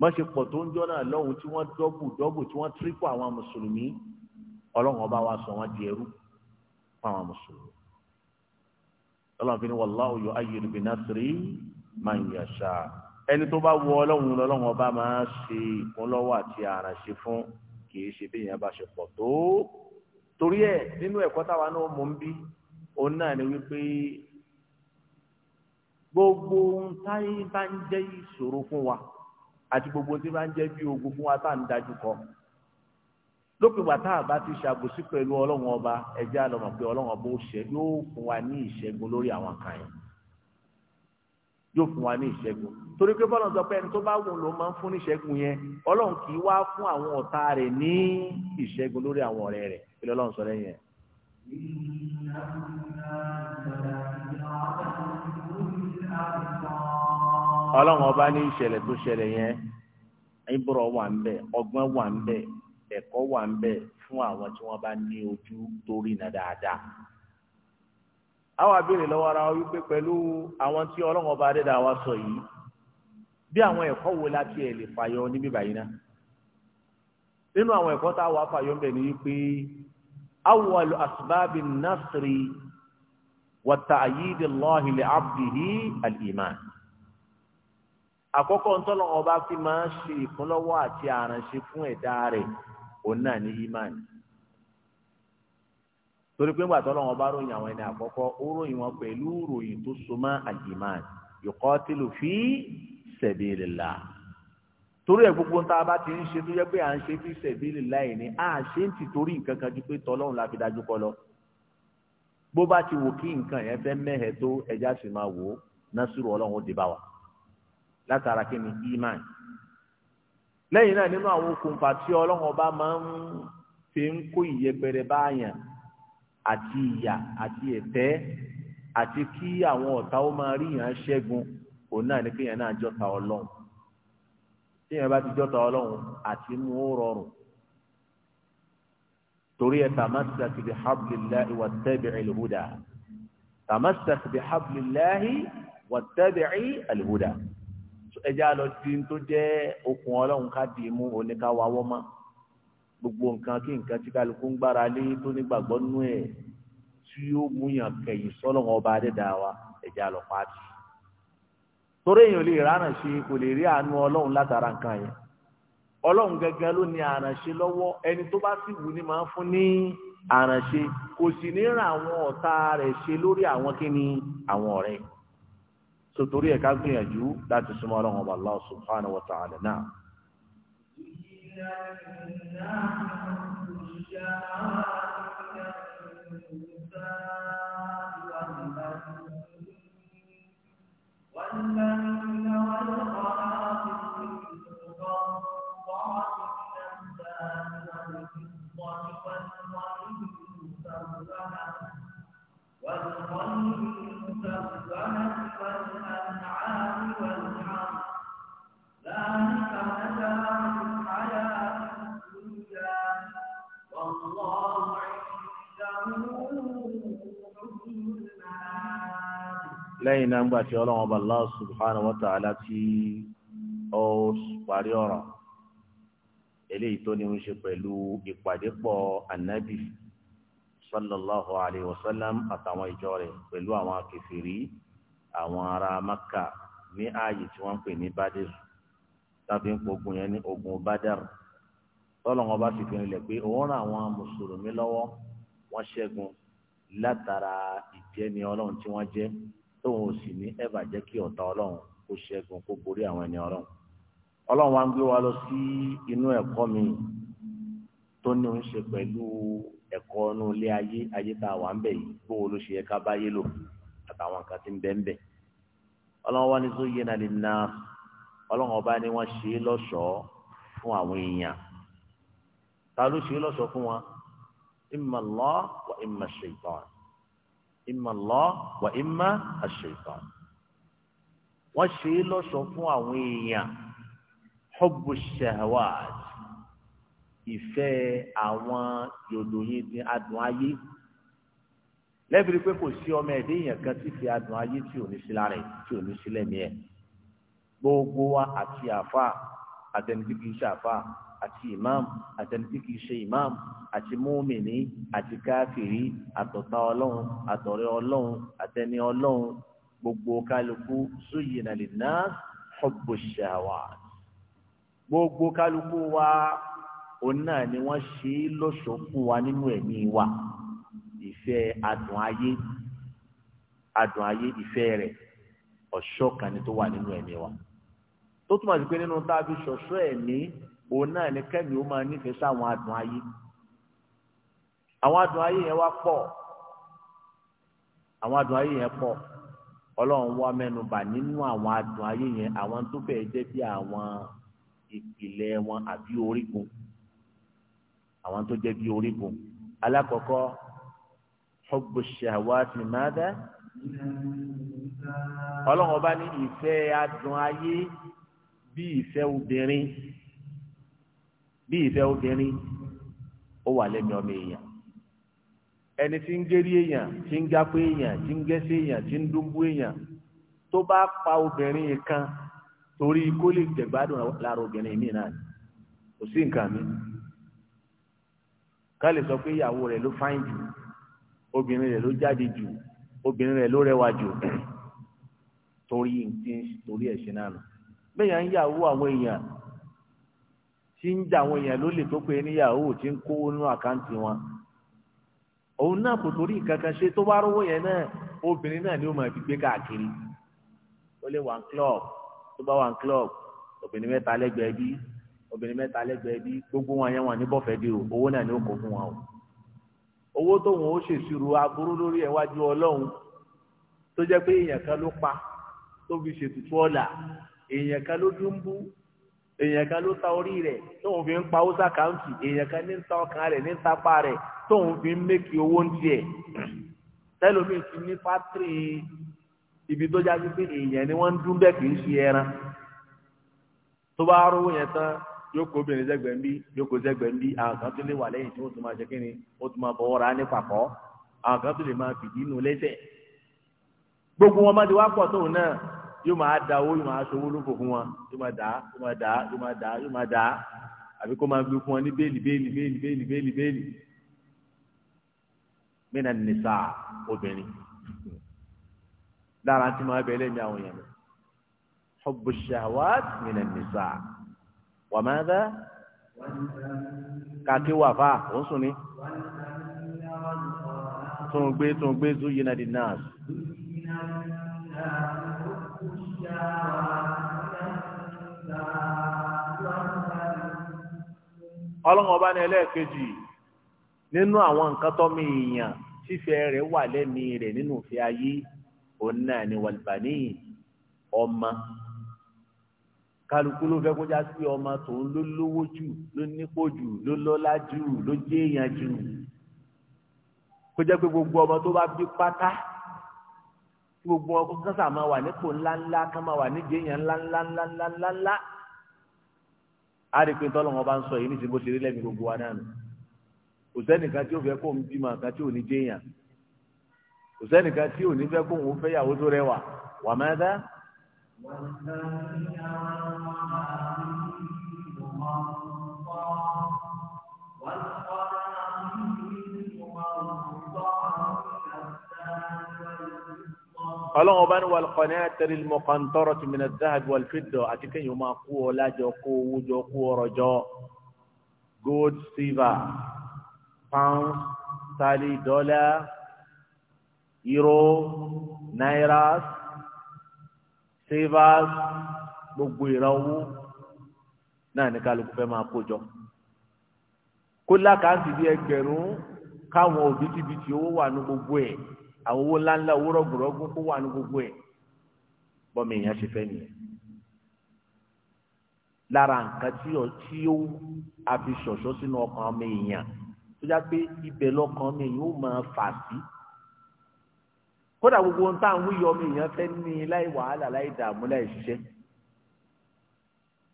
wọ́n ṣe pọ̀ tó ń jọ́ náà lọ́hùn tí wọ́n dọ́bù dọ́bù tí wọ́n tírípù àwọn mùsùlùmí ọlọ́run ọba wa sọ wọ́n di ẹrú fún àwọn mùsùlùmí ọlọ́run fi ní wallahu yu'ayyidu bi nasrihi man yasha ẹni tó bá wọ ọlọ́run lọ́lọ́run ọba máa ṣe ìkúnlọ́wọ́ àti àrànṣe fún kì í ṣe bí èèyàn bá ṣe pọ̀ tó torí ẹ̀ nínú ẹ̀kọ́ táwa náà mọ̀ bí òun náà ni wípé gbogbo ohun táyé bá ń jẹ́ ìṣòro fún wa àti gbogbo ohun tí bá ń jẹ́ bí ogun fún wa tá à ń dájú kọ lópin ìgbà tá a bá ti ṣàbòsí pẹ̀lú ọlọ́run ọba ẹjẹ́ àlọ́mọ̀ pé ọlọ́run ọba ó ṣe yóò fún wa ní ìṣẹ́gun lórí àwọn kan yẹn yóò fún wa ní ìṣẹ́gun torí pé bọ́lá ń sọ pé ẹni tó bá wù ló máa ń fún ní ìṣẹ́gun yẹn ọlọ́run kì í wá fún àwọn ọ̀tá rẹ̀ ní ìṣẹ́gun lórí àwọn ọ̀rẹ́ rẹ̀ kí lọ́lọ́run sọ lẹ́yìn ẹ̀. ọlọ́run ọba ní ìṣẹ̀lẹ̀ tó ṣẹlẹ̀ yẹn ìbúrọ̀ wà ń bẹ̀ ọgbọ́n wà ń bẹ̀ ẹ̀kọ́ wà ń fún àwọn tí wọ́n bá ní ojú torí na dáadáa. àwọn abéèrè lọ́wọ́ ara wọn wípé pẹ̀lú àwọn tí ọlọ́run ọba adéda wa sọ yìí bí àwọn ẹ̀kọ́ wo láti ẹ̀ lè fàyọ níbí báyìí náà. nínú àwọn ẹ̀kọ́ tá a wà fàyọ ń abdihi ọba fi máa ń ṣe ìkúnlọ́wọ́ àti fún ẹ̀dá rẹ̀ òun náà ní imani torí pé ńgbà tọ́lọ́ wọn bá ròyìn àwọn ẹni àkọ́kọ́ ó ròyìn wọn pẹ̀lú ròyìn tó so mọ́ al-iman yuqatilu fi sabilillah torí ẹ̀ gbogbo ń tá a bá ti ń ṣe tó yẹ pé à ń ṣe fi sabilillah yìí ni à ṣe ń ti torí nǹkan kan ju pé tọ́lọ́run la fi dájú kọ lọ bó bá ti wò kí nǹkan yẹn fẹ́ mẹ́hẹ̀ tó ẹja sì máa wò ó násùrù ọlọ́run ó dé bá wa látara kí ni imani lẹ́yìn náà nínú àwọn okùnfà tí ọlọ́run ọba máa ń fi ń kó ìyẹpẹrẹ báyàn àti ìyà àti ẹ̀tẹ́ àti kí àwọn ọ̀tá ó máa rí yàn ṣẹ́gun òun náà ní kí yàn náà jọta ọlọ́run tí yàn bá ti jọta ọlọ́run àti mú ó rọrùn torí ẹ tàmásàkì bí hablillahi wattabi'il huda tàmásàkì bí hablillahi wattabi'il huda ẹja lọ di tó jẹ́ okùn ọlọ́run ká dì í mú oníka wa wọ́ mọ́ gbogbo nǹkan kí nǹkan tí kálukú ń gbára lé tó nígbàgbọ́ nú ẹ̀ tí yóò mú yàn kẹ̀yìn sọ́lọ́run ọba adẹ́dàá wa ẹja lọ pàtì torí èèyàn lè ránà ṣe kò lè rí àánú ọlọ́run látara nǹkan yẹn ọlọ́run gẹ́gẹ́ ló ní àrànṣe lọ́wọ́ ẹni tó bá sì wù ní máa ń fún ní àrànṣe kò sì ní ra àwọn ọ̀tá rẹ̀ ṣe lórí àwọn kíni àwọn ọ̀rẹ́ yìí sotori ẹ̀ka gbìyànjú láti súnmọ́ ọlọ́run ọba Allah subhanahu wa ta'ala náà. Yeah. lẹ́yìn náà ńgbà tí ọlọ́run ọba Allah subhanahu wa ta'ala tí ó parí ọ̀rọ̀ eléyìí tó ní ń ṣe pẹ̀lú ìpàdépọ̀ ànábì sallallahu alayhi wa sallam àtàwọn ìjọ rẹ̀ pẹ̀lú àwọn akẹfìrí àwọn ará Makka ní ààyè tí wọ́n ń pè ní Badr tàbí ń pogun yẹn ní ogun Badr tọ́lọ́wọ́n bá fi pinnu pé òun ràn àwọn mùsùlùmí lọ́wọ́ wọ́n ṣẹ́gun látara ìjẹni ọlọ́run tí wọ́n jẹ́ tóun ò sì ní ẹ bàjẹ́ kí ọ̀tá ọlọ́run kó ṣẹ́gun kó borí àwọn ẹni ọlọ́run ọlọ́run wa ń wa lọ sí inú ẹ̀kọ́ mi tó ní ṣe pẹ̀lú ẹ̀kọ́ inú ilé ayé ayé tá a wà ń bẹ̀ yìí yẹ ká báyé lò àtàwọn nǹkan ń ń na ọlọ́run ọba ni wọ́n ṣe é lọ́ṣọ̀ọ́ fún àwọn èèyàn ta ló ṣe é lọ́ṣọ̀ọ́ fún wọn imma Allah wa imma ash-shaytan wọ́n ṣe é lọ́ṣọ̀ọ́ fún àwọn èèyàn hubbu shahawat ìfẹ́ àwọn yòdòyìn ti adùn ayé lẹ́bìrì pé kò sí ọmọ ẹ̀dẹ́ èèyàn kan tí fi adùn ayé tí ò ní sí lára ẹ̀ tí ò ní sí lẹ́mìí ẹ̀ gbogbo wa àti àfa àtẹnudí kì àti ìmáàmù àtẹni tí kìí ṣe ìmáàmù àti múmìnì àti káfìrí àtọ̀tá ọlọ́run àtọ̀rẹ́ ọlọ́run àtẹni ọlọ́run gbogbo kálukú zuyyina linnas hubbu shahawat gbogbo kálukú wa òun náà ni wọ́n ṣe é lọ́ṣọ̀ọ́ fún wa nínú ẹ̀mí wa ìfẹ́ adùn ayé adùn ayé ìfẹ́ rẹ̀ ọ̀ṣọ́ kan ni tó wà nínú ẹ̀mí wa tó túmọ̀ sí pé nínú tá a fi ṣọ̀ṣọ́ ẹ̀mí òun náà ni kẹ́mi ó máa nífẹ̀ẹ́ sáwọn adùn ayé àwọn adùn ayé yẹn wá pọ̀ àwọn adùn ayé yẹn pọ̀ ọlọ́run wá mẹ́nubà nínú àwọn adùn ayé yẹn àwọn tó bẹ̀ẹ́ jẹ́ bí àwọn ìpìlẹ̀ wọn àbí orígun àwọn tó jẹ́ bí orígun alákọ̀ọ́kọ́ hubbu shahawati ọlọ́run ọba ní ìfẹ́ adùn ayé bí ìfẹ́ obìnrin. bí ìfẹ́ obìnrin ó wà lẹ́mi ọmọ èèyàn ẹni tí ń gérí èèyàn tí ń gápé èèyàn tí ń gẹ́sẹ̀ èèyàn tí ń dúnbú pa obìnrin kan torí kó lè jẹ̀gbádùn lára obìnrin mi náà kò sí nǹkan mi ká lè sọ pé ìyàwó rẹ̀ ló fáìn jù obìnrin rẹ̀ ló jáde jù obìnrin rẹ̀ ló rẹwà jù torí ẹ̀ ṣe náà bẹ́ẹ̀ yà ń yàwó àwọn tí ń jà àwọn èèyàn lólè tó pe níyàwó tí ń kówó nínú àkáǹtì wọn òun náà kò torí nǹkan kan ṣe tó bá rówó yẹn náà obìnrin náà ni ó máa fi gbé káàkiri ó lè wà club bá wà club obìnrin mẹ́ta lẹ́gbẹ̀ẹ́ bí obìnrin mẹ́ta lẹ́gbẹ̀ẹ́ bí gbogbo wọn yẹn wà ní o owó náà ni ó kó fún wọn o owó tóun ó aburú lórí ẹ̀wájú ọlọ́run èèyàn kan ló ta orí rẹ̀ tóun fi ń pa hausa county èèyàn ní ta ọkàn rẹ̀ ní tapa rẹ̀ tóun fi ń mékì owó ń tiẹ̀ tẹlomi ti ní fátírì ibi tó jáde pé èèyàn ni wọ́n ń dún bẹ́ẹ̀ kì í ṣe ẹran tó bá rówó yẹn tán yóò kó obìnrin yóò kó àwọn kan tó lè wà ní yóò máa da owó yóò máa sọwọ́ lóko fún wọn yóò máa dà yóò máa dà yóò máa dà yóò máa dà àbí kó máa gbé fún wọn ní béèlì béèlì béèlì béèlì béèlì béèlì mẹ́nà nìsa obìnrin lára tí máa bẹ̀rẹ̀ ní àwọn yẹn hubbu shahawat mẹ́nà nìsa wàmẹ́dẹ́ kàkí wàfà ó ń sùn ní tún gbé tún gbé zu yìí náà di náà ọlọ́run ọba ní ẹlẹ́ẹ̀kejì nínú àwọn nǹkan tọ́mọ èèyàn fífẹ́ rẹ̀ wà lẹ́mìí rẹ̀ nínú ìfẹ́ ayé òun náà ni wàlùbáni ọmọ kálukú ló fẹ́ kó sí ọmọ tòun ló lówó jù ló nípò jù ló lọ́lá jù ló jẹ́ èèyàn jù kó jẹ́ pé gbogbo ọmọ tó bá bí pátá kí gbogbo ọkọ kásá máa wà
nípò ńláńlá
ká máa wà nídìí èèyàn
ńláńláńláńláńlá
á rí i pé tọ́lọ́wọ́n bá ń sọ yìí ní ìsìnkú ṣeré lẹ́mìí gbogbo wa náà kò sẹ́nìkan tí ó fẹ́ kó ń bímọ kan tí ò ní jẹ́ èèyàn kò sẹ́nìkan tí ò ní fẹ́ kó ń fẹ́ yàwó tó rẹwà wà máa dá.
والقرآن ọlọ́run
ọba ní wal qanatir al muqantarah min al dhahab wal fidda àti kéèyàn máa kó ọ lájọ kó owó jọ kó ọrọ̀ jọ gold silver pound sterling dollar euro naira silver gbogbo ìrànwọ́ náà ní kálukú fẹ́ máa kó jọ kó lákàntì káwọn òbítíbitì owó wà ní gbogbo ẹ̀ àwọn owó ńláńlá owó rọgùrọgùn kó wà ní gbogbo ẹ bọ́mọ èèyàn ṣe fẹ́ nìyẹn lára nǹkan tí ó tí ó a fi ṣọ̀ṣọ́ sínú ọkàn ọmọ èèyàn tó já pé ibẹ̀ lọ́kàn ọmọ èèyàn ó máa fà sí kódà gbogbo ohun tá à ń wíyọ ọmọ èèyàn fẹ́ ní láì wàhálà láì dààmú láì ṣiṣẹ́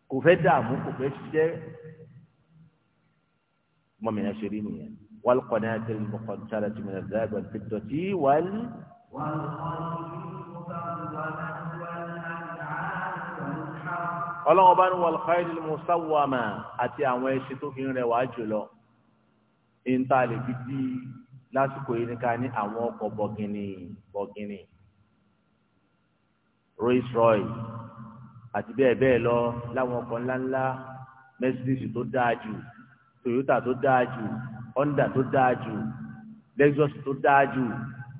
kò fẹ́ dààmú kò fẹ́ ṣiṣẹ́ mọ́mìnira ṣe rí nìyẹn والقناة المقنطرة من الذهب والفضة وال ọlọ́wọ́n bá ní wal khayl musawwama àti àwọn ẹṣin tó fi ń rẹwà jùlọ níta lè fi dí lásìkò yìí nìkan ní àwọn ọkọ̀ bọ̀gìnì bọ̀gìnì Rolls Royce àti bẹ́ẹ̀ bẹ́ẹ̀ lọ láwọn ọkọ̀ ńláńlá Mercedes tó dáa jù Toyota tó dáa jù ọ̀ndà tó dáa jù lexus tó dáa jù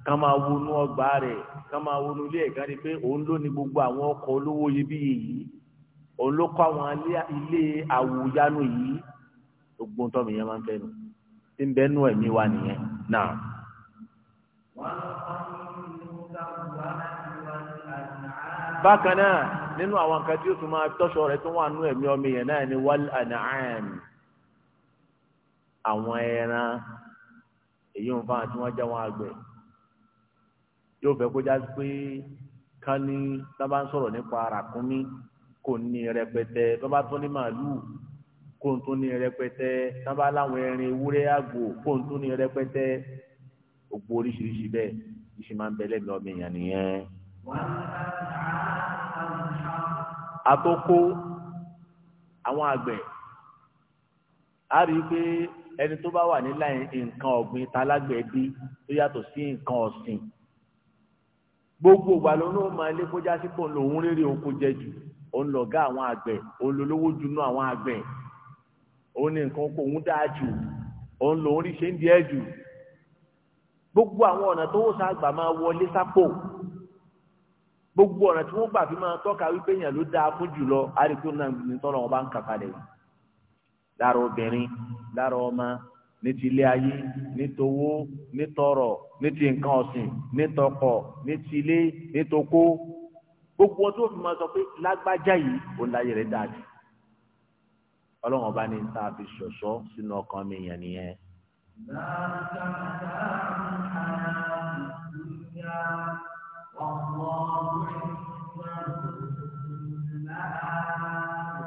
ká máa wọnú ọgbà rẹ̀ ká máa wọnú ilé ẹ̀ka ni pé òun ló ní gbogbo àwọn ọkọ̀ olówó iyebíye yìí òun ló kọ́ àwọn ilé àwòyánu yìí gbogbo ntọ́ mi yẹn máa ń fẹ́ nu tí ń bẹ́ ẹ̀mí wa nìyẹn náà. bákan náà nínú àwọn nǹkan tí ó tún máa tọ́ṣọ rẹ̀ tó wà nú ẹ̀mí ọmọ yẹn náà ni àwọn ẹran èyí ń fáwọn tí wọ́n jẹ́ wọn àgbẹ̀ yóò fẹ́ kó pé ká ní sábà ń sọ̀rọ̀ nípa ràkúnmí kò ní rẹpẹtẹ tó tún ní màálùú kò tún ní rẹpẹtẹ tó láwọn ẹran ewúrẹ́ àgbò kò tún ní rẹpẹtẹ ògbó oríṣiríṣi bẹ́ẹ̀ iṣẹ́ máa ń bẹ lẹ́gbẹ̀ẹ́ ọmọ èèyàn nìyẹn. àtòkò àwọn àgbẹ̀ á rí i pé ẹni tó bá wà nílà nǹkan ọ̀gbìn talágbẹ̀ẹ́bí tó yàtọ̀ sí nǹkan ọ̀sìn gbogbo ìgbà ló ló máa lé kójá sí pò lòun rere oko jẹ jù òun lọ̀gá àwọn àgbẹ̀ òun lolówó dunú àwọn àgbẹ̀ òun ní nǹkan oko òun dáa jù òun lòun rí ṣe ń diẹ jù gbogbo àwọn ọ̀nà tó wò sáà gbà máa wọlé sápò gbogbo ọ̀nà tí wọ́n gbà fi máa tọ́ka wípé èèyàn ló dáa fún jùlọ àríkú náà ní wọn bá ń kàkà lẹ́yìn lára obìnrin lára ọmọ ní ti ilé ayé ní towó ní tọrọ ní ti nǹkan ọ̀sìn ní tọkọ ní ti ilé ní toko gbogbo ọdún òfin máa sọ pé lágbájá yìí ó láyé rẹ dáa ọlọ́run ọba ní tá fi ṣọ̀ṣọ́ sínú ọkàn mi yẹn nìyẹn.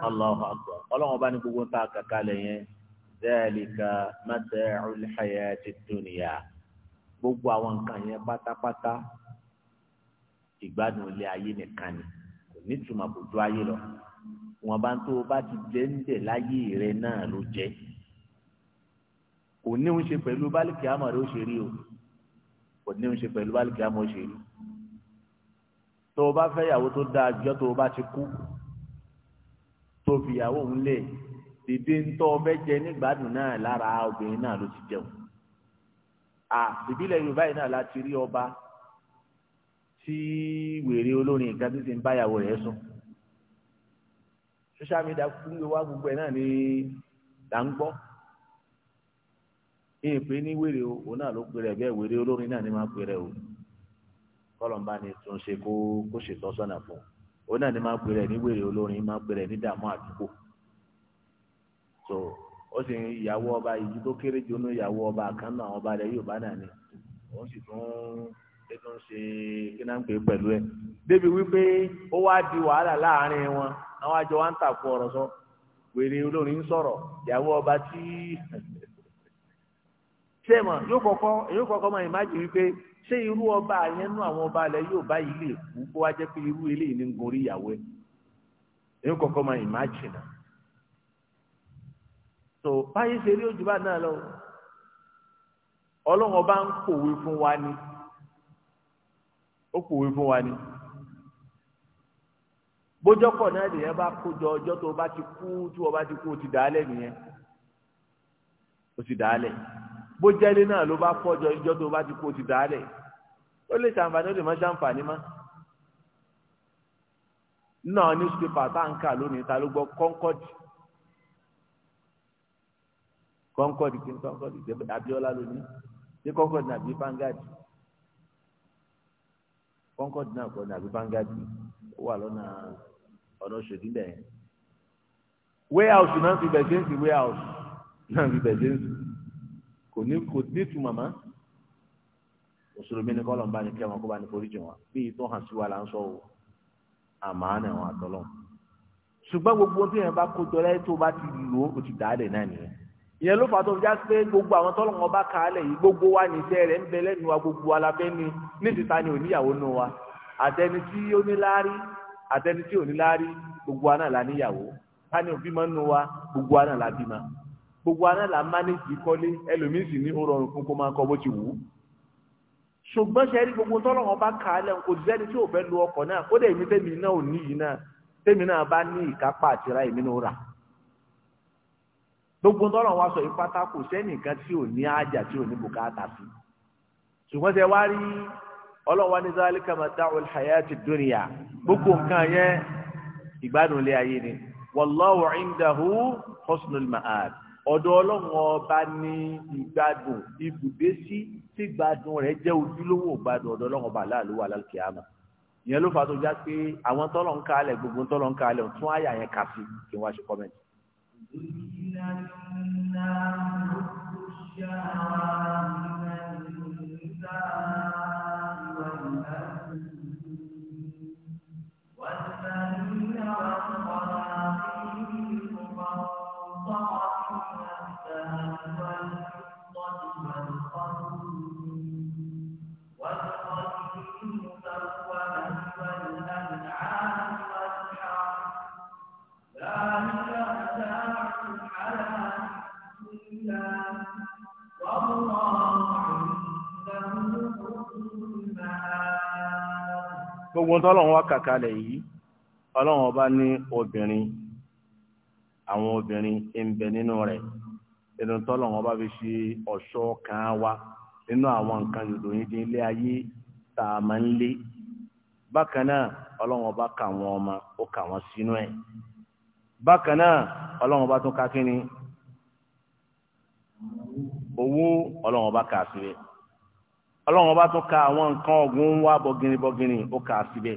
Allahu akbar ọlọ́run bá ní gbogbo ń ta kàkà lẹ̀ yẹn dhalika mata'ul hayatid dunya gbogbo àwọn nǹkan yẹn pátápátá ìgbádùn ilé ayé nìkan ni kò ní ìtumọ̀ kò ju ayé lọ wọn bá ń tó o bá ti jẹ́ ń dẹ̀ láyé rẹ náà ló jẹ́ kò ní ń ṣe pẹ̀lú bálíkì àmọ̀ rẹ ó ṣe rí o kò ní ń ṣe pẹ̀lú bálíkì àmọ̀ ó ṣe rí tó o bá fẹ́ ìyàwó tó dáa jọ tó o bá ti kú tó fi ìyàwó òun lè dìde ńtọ́ ọbẹ̀ jẹ nígbàdùn náà lára obìnrin náà ló ti jẹun à ìbílẹ̀ yorùbá yìí náà láti rí ọba tí wèrè olórin nǹkan tó ti ń báyàwó rẹ̀ sùn social media fún wa gbogbo ẹ̀ náà ni là ń gbọ́ èyí pé ní wèrè òun náà ló pe rẹ̀ bẹ́ẹ̀ wèrè olórin náà ni máa pe rẹ̀ o kọ́lọ̀ ń bá ní tún kó kó ṣètọ́sọ́nà fún un. òun náà ni máa pè rẹ̀ ní wèrè olórin máa pè ní dààmú àdúgbò so ó sì ń ìyàwó ọba ìlú tó kéré jù ní ọba kan náà àwọn ọba rẹ̀ Yorùbá náà ni òun sì tún ṣe tún ṣe kí náà ń pè pẹ̀lú ẹ̀ débi wípé ó wá di wàhálà láàárín wọn àwọn àjọ wa ń tàkùn ọ̀rọ̀ sọ wèrè olórin ń sọ̀rọ̀ ìyàwó ọba tí sẹ́mọ̀ yóò kọ́kọ́ yóò kọ́kọ́ máa ìmájì wípé ṣé irú ọba yẹn nú àwọn ọba alẹ yóò bá ilé kú kó wá jẹ́ pé irú eléyìí ní gorí ìyàwó ẹ̀ èyí kọ́kọ́ máa ìmájìnà tó báyìí ṣe rí òjúbà náà lọ ọlọ́run ọba ń pòwe fún wa ni ó pòwe fún wa ni bójọ́pọ̀ náà lèyẹn bá kójọ ọjọ́ tó o bá ti kú tí o bá ti kú o ti dà á dàálẹ̀ nìyẹn o ti dà dàálẹ̀ yìí. bó jẹ́lé náà ló bá kọjọ ìjọ tó bá ti kó ti dàálẹ̀ ó lè ṣàǹfààní ó lè má ṣàǹfààní má. náà newspaper tá à ń kà lónìí ta ló gbọ́ Concord Concord kí n Concord Abiola lónìí ṣé Concord nàbí Vanguard Concord náà kọ́ nàbí Vanguard ó wà lọ́nà ọ̀nà ṣòdí bẹ́ẹ̀ warehouse náà fi bẹ̀ ń fi warehouse náà fi bẹ̀ ń fi kò ní kò ní tu màmá mùsùlùmí ni kọ́ lọ́n bá ní kẹ́ wọn kó bá ní forí jìn wọn bí ìtàn hàn sí wa là ń sọ o àmà ní àwọn àtọ́lọ́ ṣùgbọ́n gbogbo ohun tí yẹn bá kó jọlẹ́ tó bá ti lò ó ti dà á lẹ̀ náà nìyẹn ìyẹn ló fà tó já pé gbogbo àwọn tọ́lọ̀ wọn bá ka á lẹ̀ yìí gbogbo wa ní iṣẹ́ rẹ̀ ń bẹ lẹ́nu wa gbogbo wa la fẹ́ ni nísìta ni òníyàwó nù wa àtẹni tí ó ní láárí àtẹni tí ò ní láárí gbogbo wa náà la níyàwó ta ni òbí máa ń nù wa gbogbo wa náà la bí gbogbo aná là mánéjì kọ́lé ẹlòmíín sì ní ó rọrùn fún kó máa kọ́ bó ti wù ú ṣùgbọ́n ṣe rí gbogbo tọ́lọ́wọ́n bá kà á lẹ́nu kò sẹ́ni tí ò fẹ́ lu ọkọ̀ náà kó dẹ̀ mi tẹ́mi náà ò ní yìí náà tẹ́mi náà bá ní ìkápá àtìrá èmi náà rà gbogbo tọ́lọ́wọ́n wa sọ ìpátá kò sẹ́nìkan tí ò ní ájà tí ò ní bùkátà sí ṣùgbọ́n ṣe wá rí ọlọ́wọ́n ní zalika ọ̀dọ̀ ọlọ́run ọba ní ìgbádùn ibùdé sí tí gbádùn rẹ̀ jẹ́ ojúlówó gbádùn ọ̀dọ̀ ọlọ́run ọba aláàlú wà lálùkì àmà ìyẹn ló fà tó já pé àwọn tọ́lọ̀ ń kalẹ̀ gbogbo tọ́lọ̀ ń kalẹ̀ tún àyà yẹn kà sí kí wọ́n á ṣe kọ́mẹ̀ntì. ìlànà gbogbo tọ́lọ́run wá yìí ọlọ́run ọba ní obìnrin àwọn obìnrin ń bẹ nínú rẹ̀ nínú tọ́lọ́run ọba fi ṣe ọ̀ṣọ́ kan wá nínú àwọn nǹkan yòdò yín di ilé ayé tá a máa ń lé bákan náà ọlọ́run ọba kà wọ́n ọmọ ó kà wọ́n sínú ọlọ́run ọba tún ka àwọn nǹkan ọ̀gbìn wa bọ̀gìnìbọ̀gìnì ó kà á síbẹ̀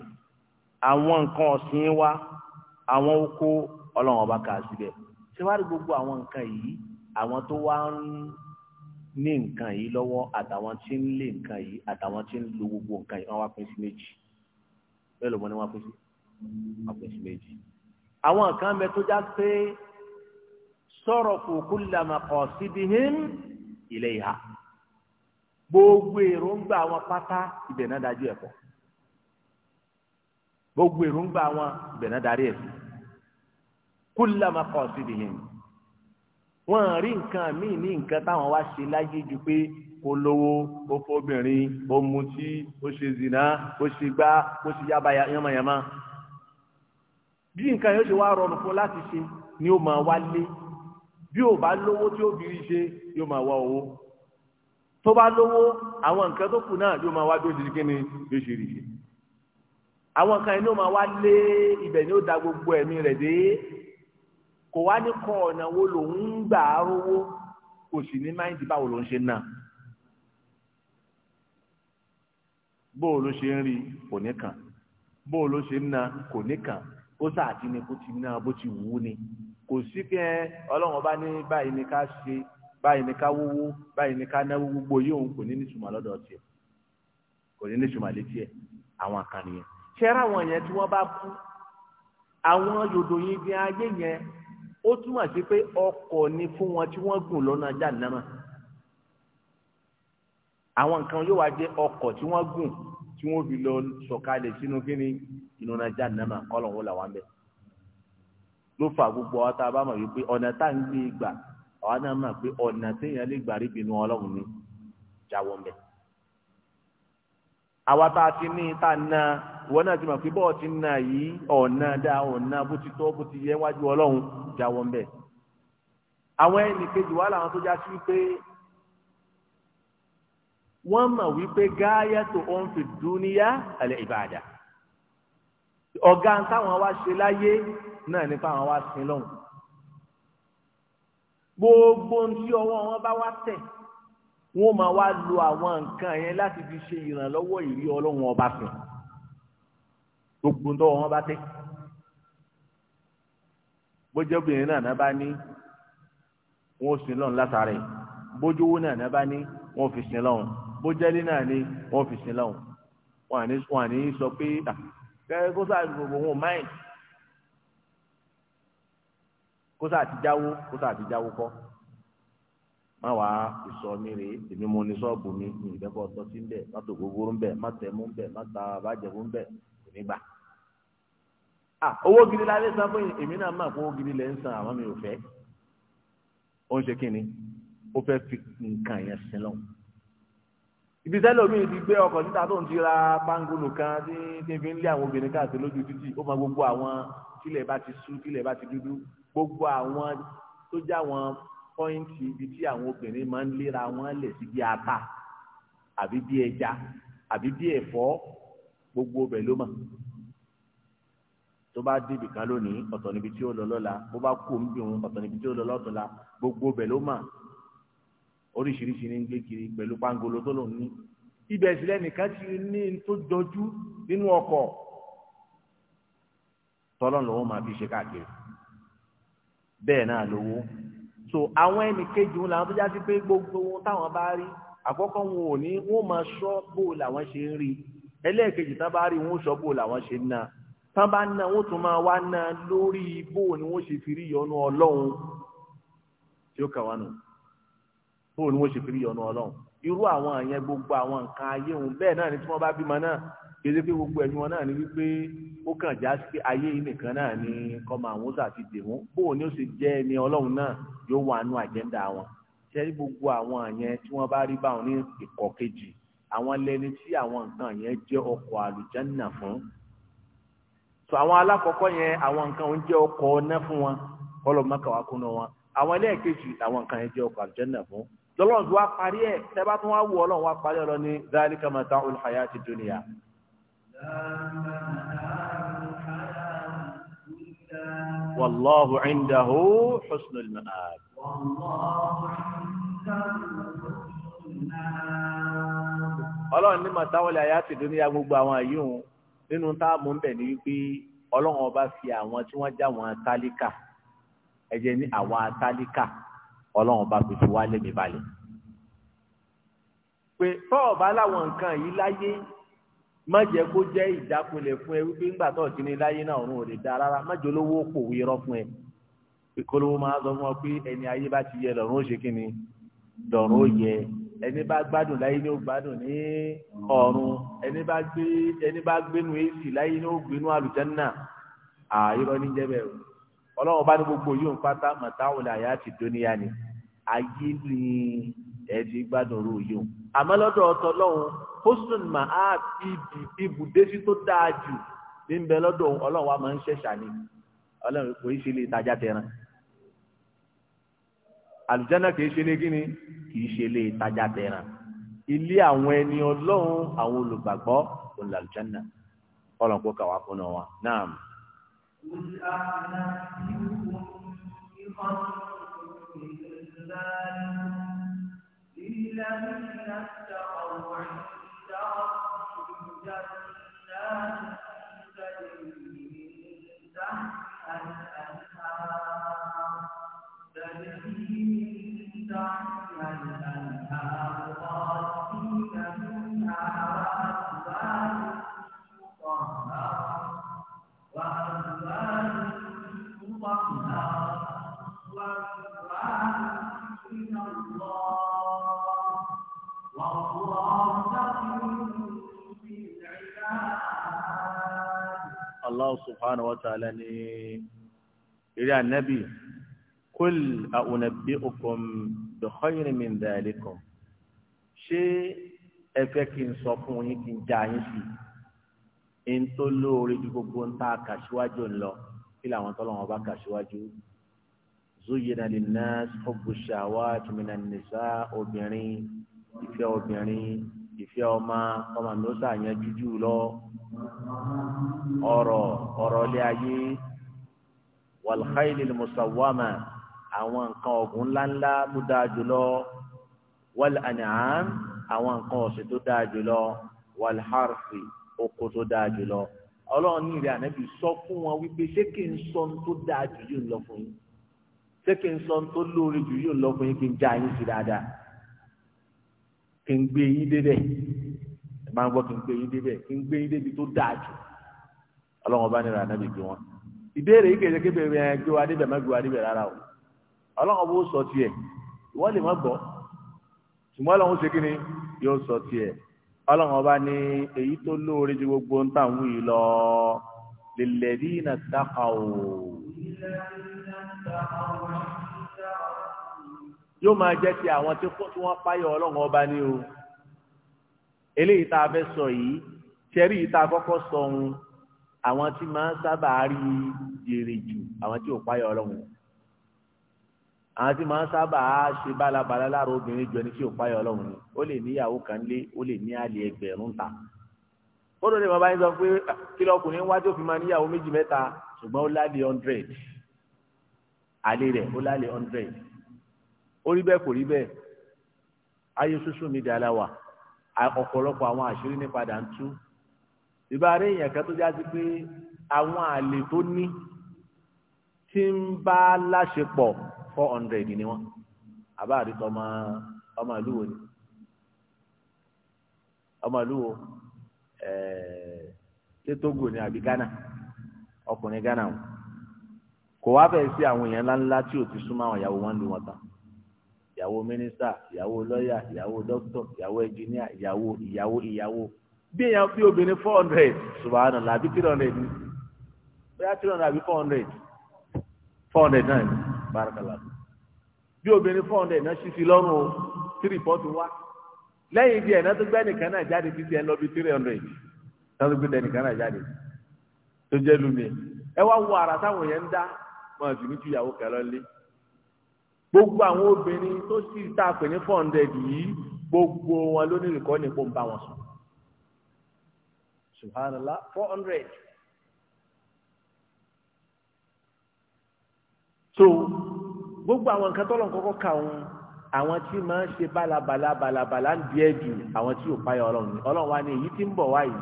àwọn nǹkan ọ̀sìn wa àwọn oko ọlọ́run ọba kà á síbẹ̀ síwájú gbogbo àwọn nǹkan yìí àwọn tó wá ń ní nǹkan yìí lọ́wọ́ àtàwọn tí ń lé nǹkan yìí àtàwọn tí ń lo gbogbo nǹkan yìí wọ́n wá pín sí méjì bẹ́ẹ̀ ló mọ ni wọ́n pín sí wọ́n pín sí méjì. àwọn nǹkan bẹ tó já pé sọ̀rọ̀ kò kulla gbogbo èròǹgbà wọn pátá ibẹ̀ náà dájú ẹ̀ pọ̀ gbogbo èròǹgbà wọn ibẹ̀ náà darí ẹ̀ sí kullama qasidihim wọn rí nǹkan míì ní nǹkan táwọn wá ṣe láyé ju pé ó lówó ó fóbìnrin ó mutí ó ṣe zìnà ó ṣe gbá ó ṣe yaba yamayama bí nǹkan yóò ṣe wá rọrùn fún láti ṣe ni ó máa wá lé bí ò bá lówó tí ó fi ṣe yóò máa wá owó tó bá lówó àwọn nǹkan tó kù náà yóò máa wá bí ó ṣe ṣe kíni bí ó ṣe rí ṣe àwọn nǹkan inú máa wá lé ibẹ̀ ni ó da gbogbo ẹ̀mí rẹ̀ dé kò wá ní kọ ọ̀nà wo lòun ń gbà á rówó kò sì ní máìndì báwo lòun ṣe náà bó ló ṣe ń rí kò ní kàn bó ló ṣe ń na kò ní kàn kó sáà ti ní kó ti ná bó ti wù ú ni kò sí pé ọlọ́run ọba ní báyìí ni ká ṣe báyìí ni ká wúwú báyìí ni ká náwó gbogbo yóò kò ní nítumọ̀ lọ́dọ̀ tiẹ̀ kò ní nítumọ̀ létí ẹ̀ àwọn àkànni ṣẹ́ra àwọn yẹn tí wọ́n bá kú àwọn yòdò yìí di ayé yẹn ó túmọ̀ sí pé ọkọ̀ ni fún wọn tí wọ́n gùn lọ́nà jàǹdàmà àwọn nǹkan yóò wá jẹ́ ọkọ̀ tí wọ́n gùn tí wọ́n fi lọ sọ̀kalẹ̀ sínú kíni inú náà jàǹdàmà kọ́lọ̀ wọn làwọn bẹ̀ ló fà gbogbo ọ̀tá bá mọ̀ wípé ọ̀nà tá à ń gbé gbà àwọn náà mọ̀ pé ọ̀nà téèyàn lè gbà rí ìbínú ọlọ́run ni jáwọ́ ń àwa tá a ti ní tá na ìwọ náà ti mọ̀ pé bọ́ọ̀ ti na yìí ọ̀nà dá ọ̀nà bó ti tọ́ bó ti yẹ wájú ọlọ́run jáwọ́ ń bẹ̀. àwọn ẹnì kejì wà láwọn tó já sí pé wọ́n mọ̀ wípé gáyà tó ń fi dúníyà àlẹ́ ìbàdà ọ̀gá táwọn wá ṣe láyé náà nípa àwọn wá sin lọ́hùn gbogbo tí ọwọ́ wọn bá wá tẹ̀ wọ́n máa wá lo àwọn nǹkan yẹn láti fi ṣe ìrànlọ́wọ́ ìrí ọlọ́run ọba fún gbogbo tí ọwọ́ wọn bá tẹ̀ bójúbìnrin náà náà bá ní wọn ò sin lọ́run látàrí bójúwó náà náà bá ní wọn ò fi sin lọ́run bójẹ́lé náà ní wọn ò fi sin lọ́run wọn à ní sọ pé kẹ́kẹ́ kó sáà gbogbo wọn ò máyì kó sáà ti jáwó kó sáà ti jáwó kọ́ má wàá ìsọ mi rèé èmi mo ní sọ́ọ̀bù mi mi ìdẹ́kọ̀ ọ̀tọ́ sí ń má tó gbogbo ń má tẹ̀mú ń má ta àbájẹ̀mú ń bẹ̀ gbà ah owó gidi la lè san fún yìí èmi náà máa kó owó gidi lè ń san àmọ́ mi ò fẹ́ ó ń ṣe kí ni ó fẹ́ fi nǹkan yẹn sin lọ. ibi sẹ́lẹ̀ omi ti gbé ọkọ̀ níta tó ń ti ra pangolo kan tí tí fi ń lé àwọn obìnrin káàkiri lójú títì ó máa gbogbo àwọn tílẹ̀ bá ti sú tílẹ̀ bá ti dúdú gbogbo àwọn tó jẹ́ àwọn pọ́ìntì ibi tí àwọn obìnrin máa ń léra wọn lè sí bí ata àbí bí ẹja àbí bí ẹ̀fọ́ gbogbo ọbẹ̀ ló mọ̀ tó bá débi kan lónìí ọ̀tọ̀ níbi tí ó lọ lọ́la bó bá kú òun ọ̀tọ̀ níbi tí ó lọ lọ́tọ̀la gbogbo ọbẹ̀ ló mọ̀ oríṣiríṣi ní gbé kiri pẹ̀lú pangolo tó lòun ní ibẹ̀ sílẹ̀ nìkan ti ní tó jọjú nínú ọkọ̀ tọ́lọ́ lòun máa fi ṣe káàkiri bẹ́ẹ̀ náà lówó so àwọn ẹnì kejì wọn làwọn tó já sí pé gbogbo ohun táwọn bá rí àkọ́kọ́ wọn ò ní wọ́n máa ṣọ́ bó làwọn ṣe ń rí ẹlẹ́ẹ̀kejì tán bá rí wọ́n ṣọ́ bó làwọn ṣe ń ná tán bá ná wọ́n tún máa wá ná lórí bó ni wọ́n ṣe fi rí yọnu ọlọ́run tí ó kà wá nù bó ni wọ́n ṣe fi rí yọnu ọlọ́run irú àwọn àyẹn gbogbo àwọn nǹkan ayé òun bẹ́ẹ̀ náà ni tí wọ́n bá bímọ náà kéde pé gbogbo ẹnu wọn náà ni wípé ó kàn já sí pé ayé yìí nìkan náà ni kọ́mọ àwọn oṣù àti dèmú bóun ni ó sì jẹ́ ẹni ọlọ́run náà yóò wà nù àjẹ́ńdà wọn ṣẹ́rí gbogbo àwọn yẹn tí wọ́n bá rí báwọn ní ìkọ̀ kejì àwọn lẹni tí àwọn nǹkan yẹn jẹ́ ọkọ̀ àlùjànnà fún so àwọn alákọ̀ọ́kọ́ yẹn àwọn nǹkan ń jẹ́ ọkọ̀ ọ̀nà fún wọn kọlọ̀mọ́kà wá kúnná wọn àwọn ẹlẹ́ẹ̀kejì làwọn nǹkan yẹn jẹ́ ọkọ̀ àlùjànnà fún lọ́lọ́run tó wá parí ẹ̀ tẹ́ bá tún wá wù ọlọ́run wá parí ọlọ́ni dáríkà mata olùfàyà ti dúnìyà
والله
عنده حسن المآب ọlọ́run ní màtáwọlẹ̀ àyàtì dúníyà gbogbo àwọn àyíhùn nínú táàmù ń bẹ̀ ní wípé ọlọ́run ọba fi àwọn tí wọ́n já wọn tálíkà ẹ̀jẹ̀ ní àwọn tálíkà ọlọ́run ọba fi fi wá lẹ́mìí balẹ̀ pé tọ́ọ̀bá láwọn nǹkan yìí láyé má jẹ́ kó jẹ́ ìjákulẹ̀ fún ẹ wípé ńgbà tó ti ní láyé náà ọ̀run ò lè da rárá má jẹ́ olówó òpòwò irọ́ fún ẹ ìkólówó máa sọ fún ọ pé ẹni ayé bá ti yẹ lọ́run ó ṣe kí ni lọ́run ó yẹ ẹni bá gbádùn láyé ni ó gbádùn ní ọ̀run ẹni bá gbé ẹni bá gbénu èsì láyé ni ó gbénu àlùjánnà àìrọ́ ní jẹ́bẹ̀ o ọlọ́run bá ní gbogbo yóò ń pátá mọ̀táwọ̀lẹ̀ àyà ti dóníyà ni ayé ni ẹ fi gbádùn ru yìí o àmọ́ lọ́dọ̀ ọ̀tọ̀ lọ́hùn hosùn mahab ibi ibùdésí tó dáa jù ní ń bẹ lọ́dọ̀ ọlọ́run wa máa ń ṣẹ̀ṣà ni ọlọ́run kò í ṣe lè tajà tẹran àlùjáná kì í ṣe lé gíní kì í ṣe lè tajà tẹran ilé àwọn ẹni ọlọ́run àwọn olùgbàgbọ́ òun làlùjáná ọlọ́run kò kà wá fún wa
náà. قل أعنبكم بخير الله للذين اتقوا عند ربهم جنات
subhanahu wa ta'ala ní eré ànábì kul a'unabbi'ukum bi khayrin min dhalikum ṣé ẹ fẹ́ kí n sọ fún yín kí n já yín sí i ń tó lóore ju gbogbo ń tá a kà síwájú ńlọ kí làwọn tọ́lọ́wọ́n bá kà síwájú zuyina linnas hubbu shawati minan nisa obìnrin ìfẹ́ obìnrin ìfẹ́ ọmọ ọmọ mi ó sàyàn jújù lọ ọrọ̀ ọrọ̀ ilé ayé wàlúkàìlì mùsàwámà àwọn nǹkan ọ̀gùn ńláńlá tó dáa jùlọ wàlú àníhàn àwọn nǹkan ọ̀sìn tó dáa jùlọ wàlú hàrfì oko tó dáa jùlọ ọlọ́run ní ìrẹ́ ànábì sọ fún wọn wípé ṣé kí n sọ ohun tó dáa jù yóò lọ fún yín ṣé kí n sọ ohun tó lóore jù yóò lọ fún yín kí n já yín sí dáadáa kí n gbé yín débẹ̀ ẹ máa ń gbọ́ kí n gbé yín débẹ̀ kí n gbé yín débi tó dáa jù ọlọ́run bá nira ànábì gbé wọn ìbéèrè yìí kẹsẹ̀ kébè rẹ̀ gbé wa débẹ̀ má gbé wa débẹ̀ rárá o ọlọ́run bó sọ tiẹ̀ ìwọ lè má gbọ́ ṣùgbọ́n ọlọ́run ṣe kí ni yóò sọ tiẹ̀ ọlọ́run bá ní èyí tó lóore ju gbogbo ń tàwọn yìí lọ lilladhina taqaw yóò máa jẹ́ ti àwọn tí wọ́n páyọ̀ ọlọ́run ọba ní o eléyìí tá a fẹ́ sọ yìí ṣẹ́rí yìí tá a kọ́kọ́ sọ ohun àwọn tí máa ń sábà rí jèrè jù àwọn tí ò páyọ̀ ọlọ́run àwọn tí máa ń sábà ṣe bálabàlá lára obìnrin jọ ní tí ò páyọ̀ ọlọ́run ni ó lè níyàwó kan lé ó lè ní àlè ẹgbẹ̀rún ta kódò lè bàbá yín sọ pé ah, kí lọkùnrin wá tó fi máa níyàwó méjì mẹ́ta ṣùgbọ́n ó lálẹ́ hundred ó rí bẹ́ẹ̀ kò rí bẹ́ẹ̀ ayé social media la wà ọ̀pọ̀lọpọ̀ àwọn àṣírí ní padà ń tú ìbára èèyàn kan tó jáde pé àwọn àlè tó ní tí ń bá láṣepọ̀ four hundred ni wọ́n àbá àdìsọ ọmọ ọmọ àlúwo ni ọmọ àlúwo ẹ̀ẹ́ ṣé Togo ni àbí Ghana ọkùnrin Ghana wọn kò wá fẹ́ sí àwọn èèyàn ńláńlá tí ò ti súnmọ́ àwọn ìyàwó wọn lù wọn tán ìyàwó mínísítà ìyàwó lọ́ọ̀yà ìyàwó dókítọ̀ ìyàwó ẹnjìníà ìyàwó ìyàwó ìyàwó bí èèyàn bí obìnrin four hundred subahana làbí three hundred ni bóyá three hundred àbí four hundred four hundred náà ni barakala bí obìnrin four hundred náà ṣí sí lọ́rùn o three pọ́ọ̀tù wá lẹ́yìn ibi ẹ̀nà tó gbẹ́ nìkan náà jáde títí ẹ lọ bí three hundred náà tó gbé nìkan náà jáde tó jẹ́ lumi ẹ wá wo àrà táwọn yẹn ń dá wọn àti ní ju ìyàwó kẹlọ́ gbogbo àwọn obìnrin tó sì tá a pè ní four hundred yìí gbogbo wọn ló ní ìkọ́ nípò ń bá wọn sùn subhanallah four hundred. so gbogbo àwọn nǹkan tọ́lọ̀ kọ́kọ́ kà wọn àwọn tí máa ń ṣe bálabàla bálabàla ń bí ẹ̀jù àwọn tí ò páyọ̀ ọlọ́run ni ọlọ́run wa ni èyí tí ń bọ̀ wáyìí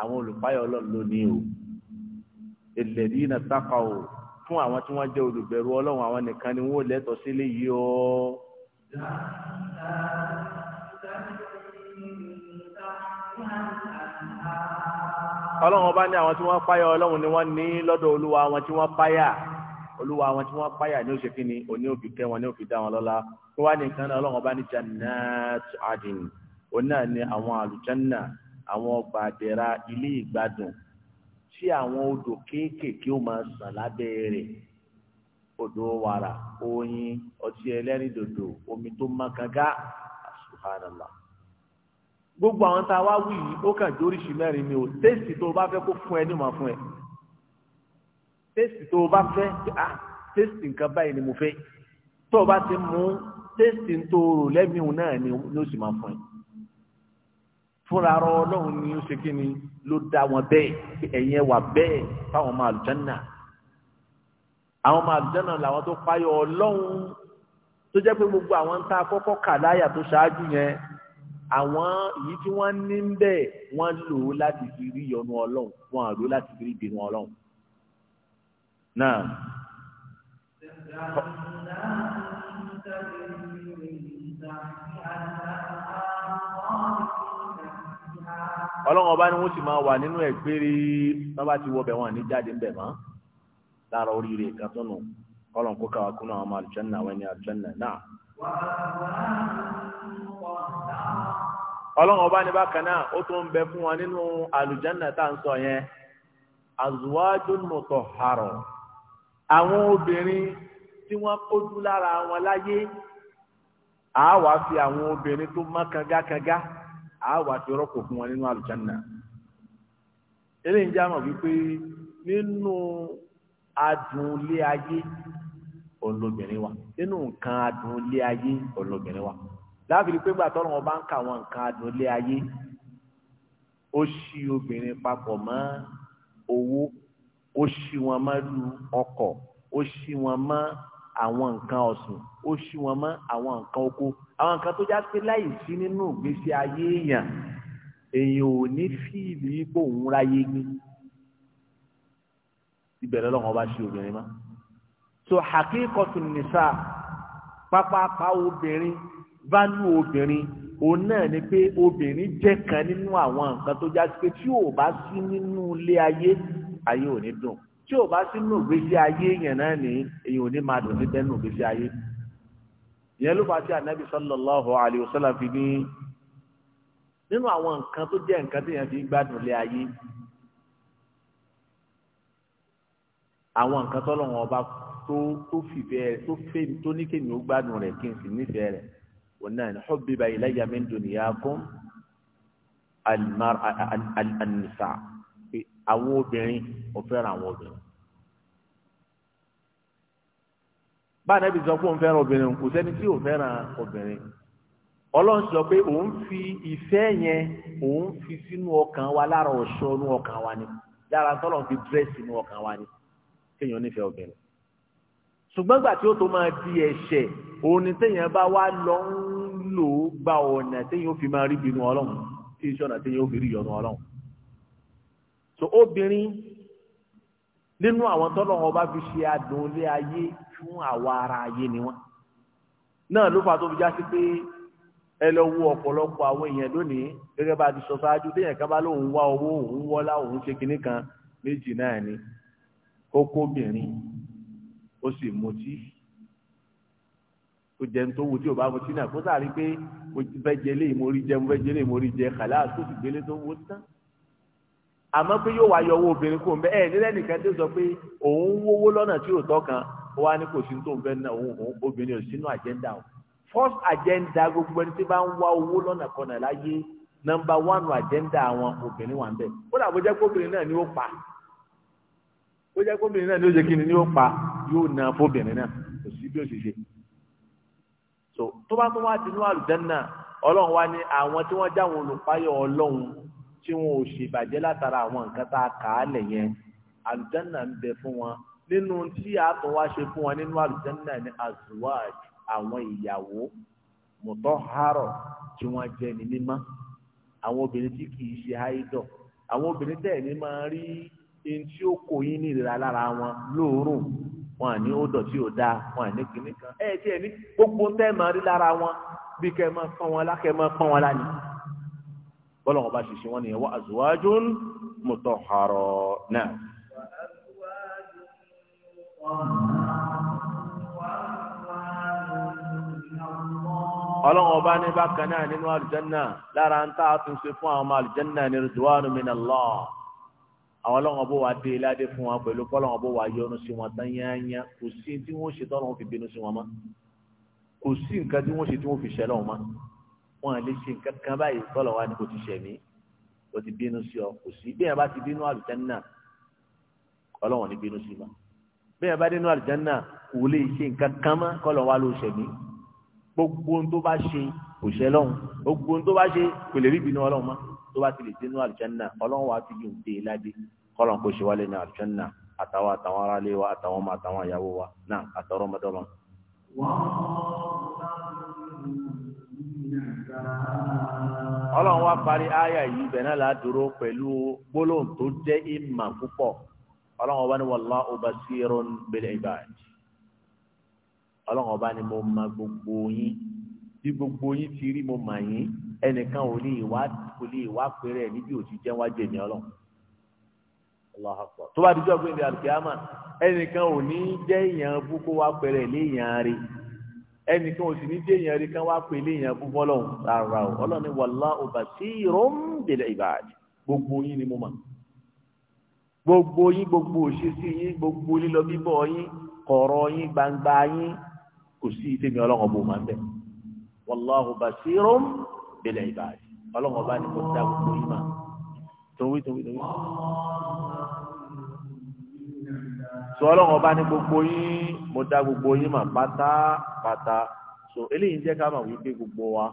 àwọn olùpáyọ̀ ọlọ́run ló ní o èlẹ́dí náà o fún àwọn tí wọ́n jẹ́ olùbẹ̀rù ọlọ́run àwọn nìkan ni wọ́n lẹ́tọ̀ọ́ sí léyìí o. ọlọ́run ọba ní àwọn tí wọ́n páyà ọlọ́run ni wọ́n ní lọ́dọ̀ olúwa àwọn tí wọ́n páyà olúwa àwọn tí wọ́n páyà ní oṣù kínní òní òbí kẹ́ wọn ní òbí dá wọn lọ́lá tó wá ní nǹkan náà ọlọ́run ọba ní jannat adin òun náà ní àwọn àlùjánná àwọn ọgbà àdẹ̀ra ilé ìgbádùn tí àwọn odò kéékèèké ó máa sàn lábẹ́ rẹ̀ odò wàrà oyin ọtí ẹlẹ́rìndòdò omi tó má gágá subhanallah gbogbo àwọn tá a wá wí yìí ó kàn jóríṣi mẹ́rin ni o tẹ́sì tó o bá fẹ́ kó fún ẹ ní ma fún ẹ tẹ́sì tó o bá fẹ́ ah tẹ́sì nǹkan báyìí ni mo fẹ́ tó o bá ti mú tẹ́sì tó o rò lẹ́mìí náà ni ó sì máa fún ẹ fúnra ara ọlọ́run ni ó ṣe kí ni ló dá wọn bẹ́ẹ̀ kí ẹ̀yin wà bẹ́ẹ̀ fáwọn ọmọ àlùjánà àwọn ọmọ àlùjánà làwọn tó páyọ ọlọ́run tó jẹ́ pé gbogbo àwọn tá a kọ́kọ́ kà láyà tó ṣáájú yẹn àwọn èyí tí wọ́n ní ń bẹ̀ wọ́n lò ó láti fi rí ìyọ́nú ọlọ́run wọ́n á lò láti fi rí ìbínú ọlọ́run náà. ọlọ́run ọba ni wọ́n sì máa wà nínú ẹ̀ gbére wọ́n bá ti wọ bẹ̀ wọ́n ní jáde ń bẹ̀ mọ́ lára oríire kan tó nù ọlọ́run kó káwa kúnú àwọn ọmọ àlùjànnà àwọn ẹni àlùjànnà náà. ọlọ́run ọba ní bákan náà ó tún ń bẹ fún wa nínú àlùjànnà tá à ń sọ yẹn azwajun mutahhara àwọn obìnrin tí wọ́n kójú lára wọn láyé àá wàá fi àwọn obìnrin tó mọ́ kangakanga. Kanga á wà fi rọ́pò fún wọn nínú àlùjánnà eléyìí jẹ́ àmọ̀ wípé nínú adùn ilé ayé olóbìnrin wa nínú nǹkan adùn ilé ayé olóbìnrin wa láàbìrì pé gbàtọ́ ọ̀rọ̀ wọn bá ń kà wọn nǹkan adùn ayé ó ṣí obìnrin papọ̀ mọ́ owó ó ṣí wọn mọ́ lu ọkọ̀ ó ṣí wọn mọ́ àwọn nǹkan ọ̀sìn ó ṣí wọn mọ́ àwọn nǹkan oko àwọn nǹkan tó já pé láì sí nínú ìgbésí ayé èèyàn èèyàn ò ní fíìlì ipò òun ráyé gbé ìbẹ̀rẹ̀ lọ́wọ́ bá ṣe obìnrin mọ́ so hakikọtù nìsa pápápá obìnrin vanu obìnrin òun náà ni pé obìnrin jẹ́ kan nínú àwọn nǹkan tó já pé tí ò bá sí nínú ilé ayé ayé ò ní dùn tí ò bá sí nínú ìgbésí ayé èèyàn náà ní èèyàn ò ní máa dùn síbẹ̀ nínú ìgbésí ayé ìyẹn ló bá tí ànábì sallallahu alayhi wa sallam fi ní nínú àwọn nǹkan tó jẹ́ nǹkan tó yẹn fi gbádùn lé ayé àwọn nǹkan tó lọ́wọ́ ọba tó tó fìfẹ́ tó fẹ́ tó ní kéèmí ó gbádùn rẹ̀ kí n sì nífẹ̀ẹ́ rẹ̀ wọn náà ní hubbiba ilayya min dunyakum al-mar'a an-nisa àwọn obìnrin ó fẹ́ràn àwọn obìnrin báà nẹ́bi sọ pé òun fẹ́ràn obìnrin kò sẹ́ni tí ò fẹ́ràn obìnrin ọlọ́run sọ pé òun fi ìfẹ́ yẹn òun fi sínú ọkàn wa lára ọ̀ṣọ́ inú ọkàn wa ni lára tọ́lọ̀ fi dírẹ́sì inú ọkàn wa ni kéèyàn nífẹ̀ẹ́ obìnrin ṣùgbọ́n gbà tí ó tó máa di ẹ̀ṣẹ̀ òun ni téèyàn bá wá lọ ń lò ó gba ọ̀nà téèyàn ó fi máa rí bínú ọlọ́run tí iṣẹ́ ọ̀nà téèyàn ó fi rí ìyọnu ọlọ́run so obìnrin nínú àwọn tọ́lọ̀ ọba fi ṣe adùn ilé ayé fún àwa ara ayé ni wọ́n náà ló fà tó fi já sí pé ẹ lọ wo ọ̀pọ̀lọpọ̀ àwọn èèyàn lónìí gẹ́gẹ́ bá a ti sọ ṣáájú téèyàn kan bá lóun wá owó òun wọ́lá òun ṣe kinní kan méjì náà ni kókó obìnrin ó sì mutí kó jẹun tó wù tí o bá mutí náà kó sáà rí pé mo fẹ́ jẹ eléyìí mo rí jẹ mo fẹ́ jẹ eléyìí mo rí jẹ kàlá tó sì gbélé tó wù tán àmọ́ pé yóò wá yọ owó obìnrin kò ń bẹ́ ẹ̀ nílẹ̀ nìkan tó sọ pé òun wówó lọ́nà tí ò tọ́ kan ó wá ní kò sí tó ń fẹ́ náà obìnrin ò sínú àjẹ́ndà o first agenda gbogbo ẹni tí bá ń wá owó lọ́nà kan náà láyé nọ́mbà one agenda àwọn obìnrin wà ń bẹ̀ kódà bó jẹ́ kóbìnrin náà ni ó pa bó jẹ́ kóbìnrin náà ni ó jẹ́ kíni ni ó pa yóò na fóbìnrin náà kò sí bí ó ṣe ṣe so tó bá tó wá ti ní àlùjánnà ọlọ́run wá ní àwọn tí wọ́n jáwọn olùpáyọ̀ ọlọ́run tí wọn ò ṣèbàjẹ́ látara àwọn nǹkan tá a kà á lẹ̀ yẹn àlùjánnà ń bẹ fún wọn nínú tí àtọ̀ wá ṣe fún wa nínú àlùjánnà ní azuwaj àwọn ìyàwó mutahharo tí wọ́n jẹ́ ní mímọ́ àwọn obìnrin tí kì í ṣe áìdọ̀ àwọn obìnrin tẹ̀ ní máa rí ẹni tí ó kò yín ní ìrora lára wọn lóòrùn wọn àní ó dọ̀tí ò dáa wọn àní kìíní kan ẹ tí ẹ ní gbogbo tẹ́ máa rí lára wọn bí kẹ́ máa pọ́n wọn lákẹ́ máa pọ́n wọn lánìí bọ́lá wọn bá ṣe ṣe wọn nìyẹn wa azwajun mutahharo náà ọlọ́run ọba ní bákan náà nínú àlùjànnà lára ń tà àtúnṣe fún àwọn ọmọ àlùjànnà ní rìdíwánu min Allah àwọn ọlọ́run ọba wà dé ládé fún wọn pẹ̀lú kọ́lọ́run ọba wà yọ́nú sí wọn tán yányá kò sí tí wọ́n ṣe tọ́lọ́run fi bínú sí wọn mọ́ kò sí nǹkan tí wọ́n ṣe tí wọ́n fi ṣẹlẹ̀ wọn mọ́ wọn lè ṣe nǹkan kan báyìí tọ́lọ̀ wa ni kò ti ṣẹ̀mí kò ti bínú sí ọ kò sí bí bẹ́ẹ̀ bá dénú àlùjáná kò lè ṣe nǹkan kan mọ́ kọ́ lọ́n wá ló ṣẹ̀mí gbogbo ohun tó bá ṣe kò ṣẹ lọ́hùn gbogbo ohun tó bá ṣe kò lè rí ìbínú ọlọ́run mọ́ tó bá ti lè dénú àlùjáná ọlọ́run wàá fi yóò dé e ládé kọ́ kò ṣe wálé ní àlùjáná àtàwọn àtàwọn aráalé wa àtàwọn ọmọ àtàwọn àyàwó wa náà àtọ̀rọ̀ mọ́dọ́mọ́. ọlọ́run wá parí ááyà yìí bẹ̀ náà pẹ̀lú gbólóhùn tó jẹ́ ìmà púpọ̀ ọlọ́run ọba ni wallahu basirun bil ibad ọlọ́run ọba ni mo ma gbogbo yín bí gbogbo yín ti rí mo mà yín ẹnìkan ò lè wá kò lè wá péré ẹ níbi òtí jẹ́ wájú èmi ọlọ́run Allahu tó bá dijọ́ ní alùpùpù ẹnìkan ò ní jẹ́ bú kó wá péré gbogbo yín gbogbo òṣèṣì yín gbogbo lílọ bíbọ̀ yín kọ̀rọ̀ yín gbangba yín kò sí ìfẹmi Ọlọ́run bò máa ń bẹ wàláhù basirum bil ibad Ọlọ́run ọba ni kò dá gbogbo yín mà tòwí tòwí tòwí. sọ Ọlọ́run ọba ni gbogbo yín mo dá gbogbo yín mà pátápátá so eléyìí ń jẹ́ ká mà wípé gbogbo wa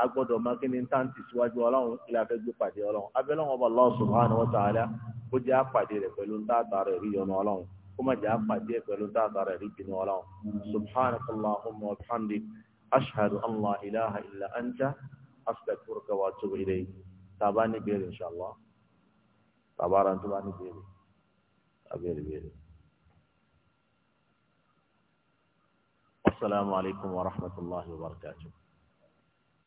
agbọ́dọ̀ máa kí ni ń tán tìsíwájú ọlọ́run ilé afẹ́gbé pàdé ọlọ́run abẹ́lọ́run ọba Allah subhanahu wa ta'ala kó jẹ́ àpàdé rẹ̀ pẹ̀lú ń tààtà rẹ̀ rí ọ̀nà ọlọ́run kó má jẹ́ àpàdé pẹ̀lú ń tààtà rẹ̀ rí bínú ọlọ́run subhanakallahumma wa bihamdik ashhadu an la ilaha illa anta astaghfiruka wa atubu ilayk tàbá ní bèrè inshallah tàbá ara tó bá ní bèrè abẹ́rẹ́ bèrè. assalamu alaikum wa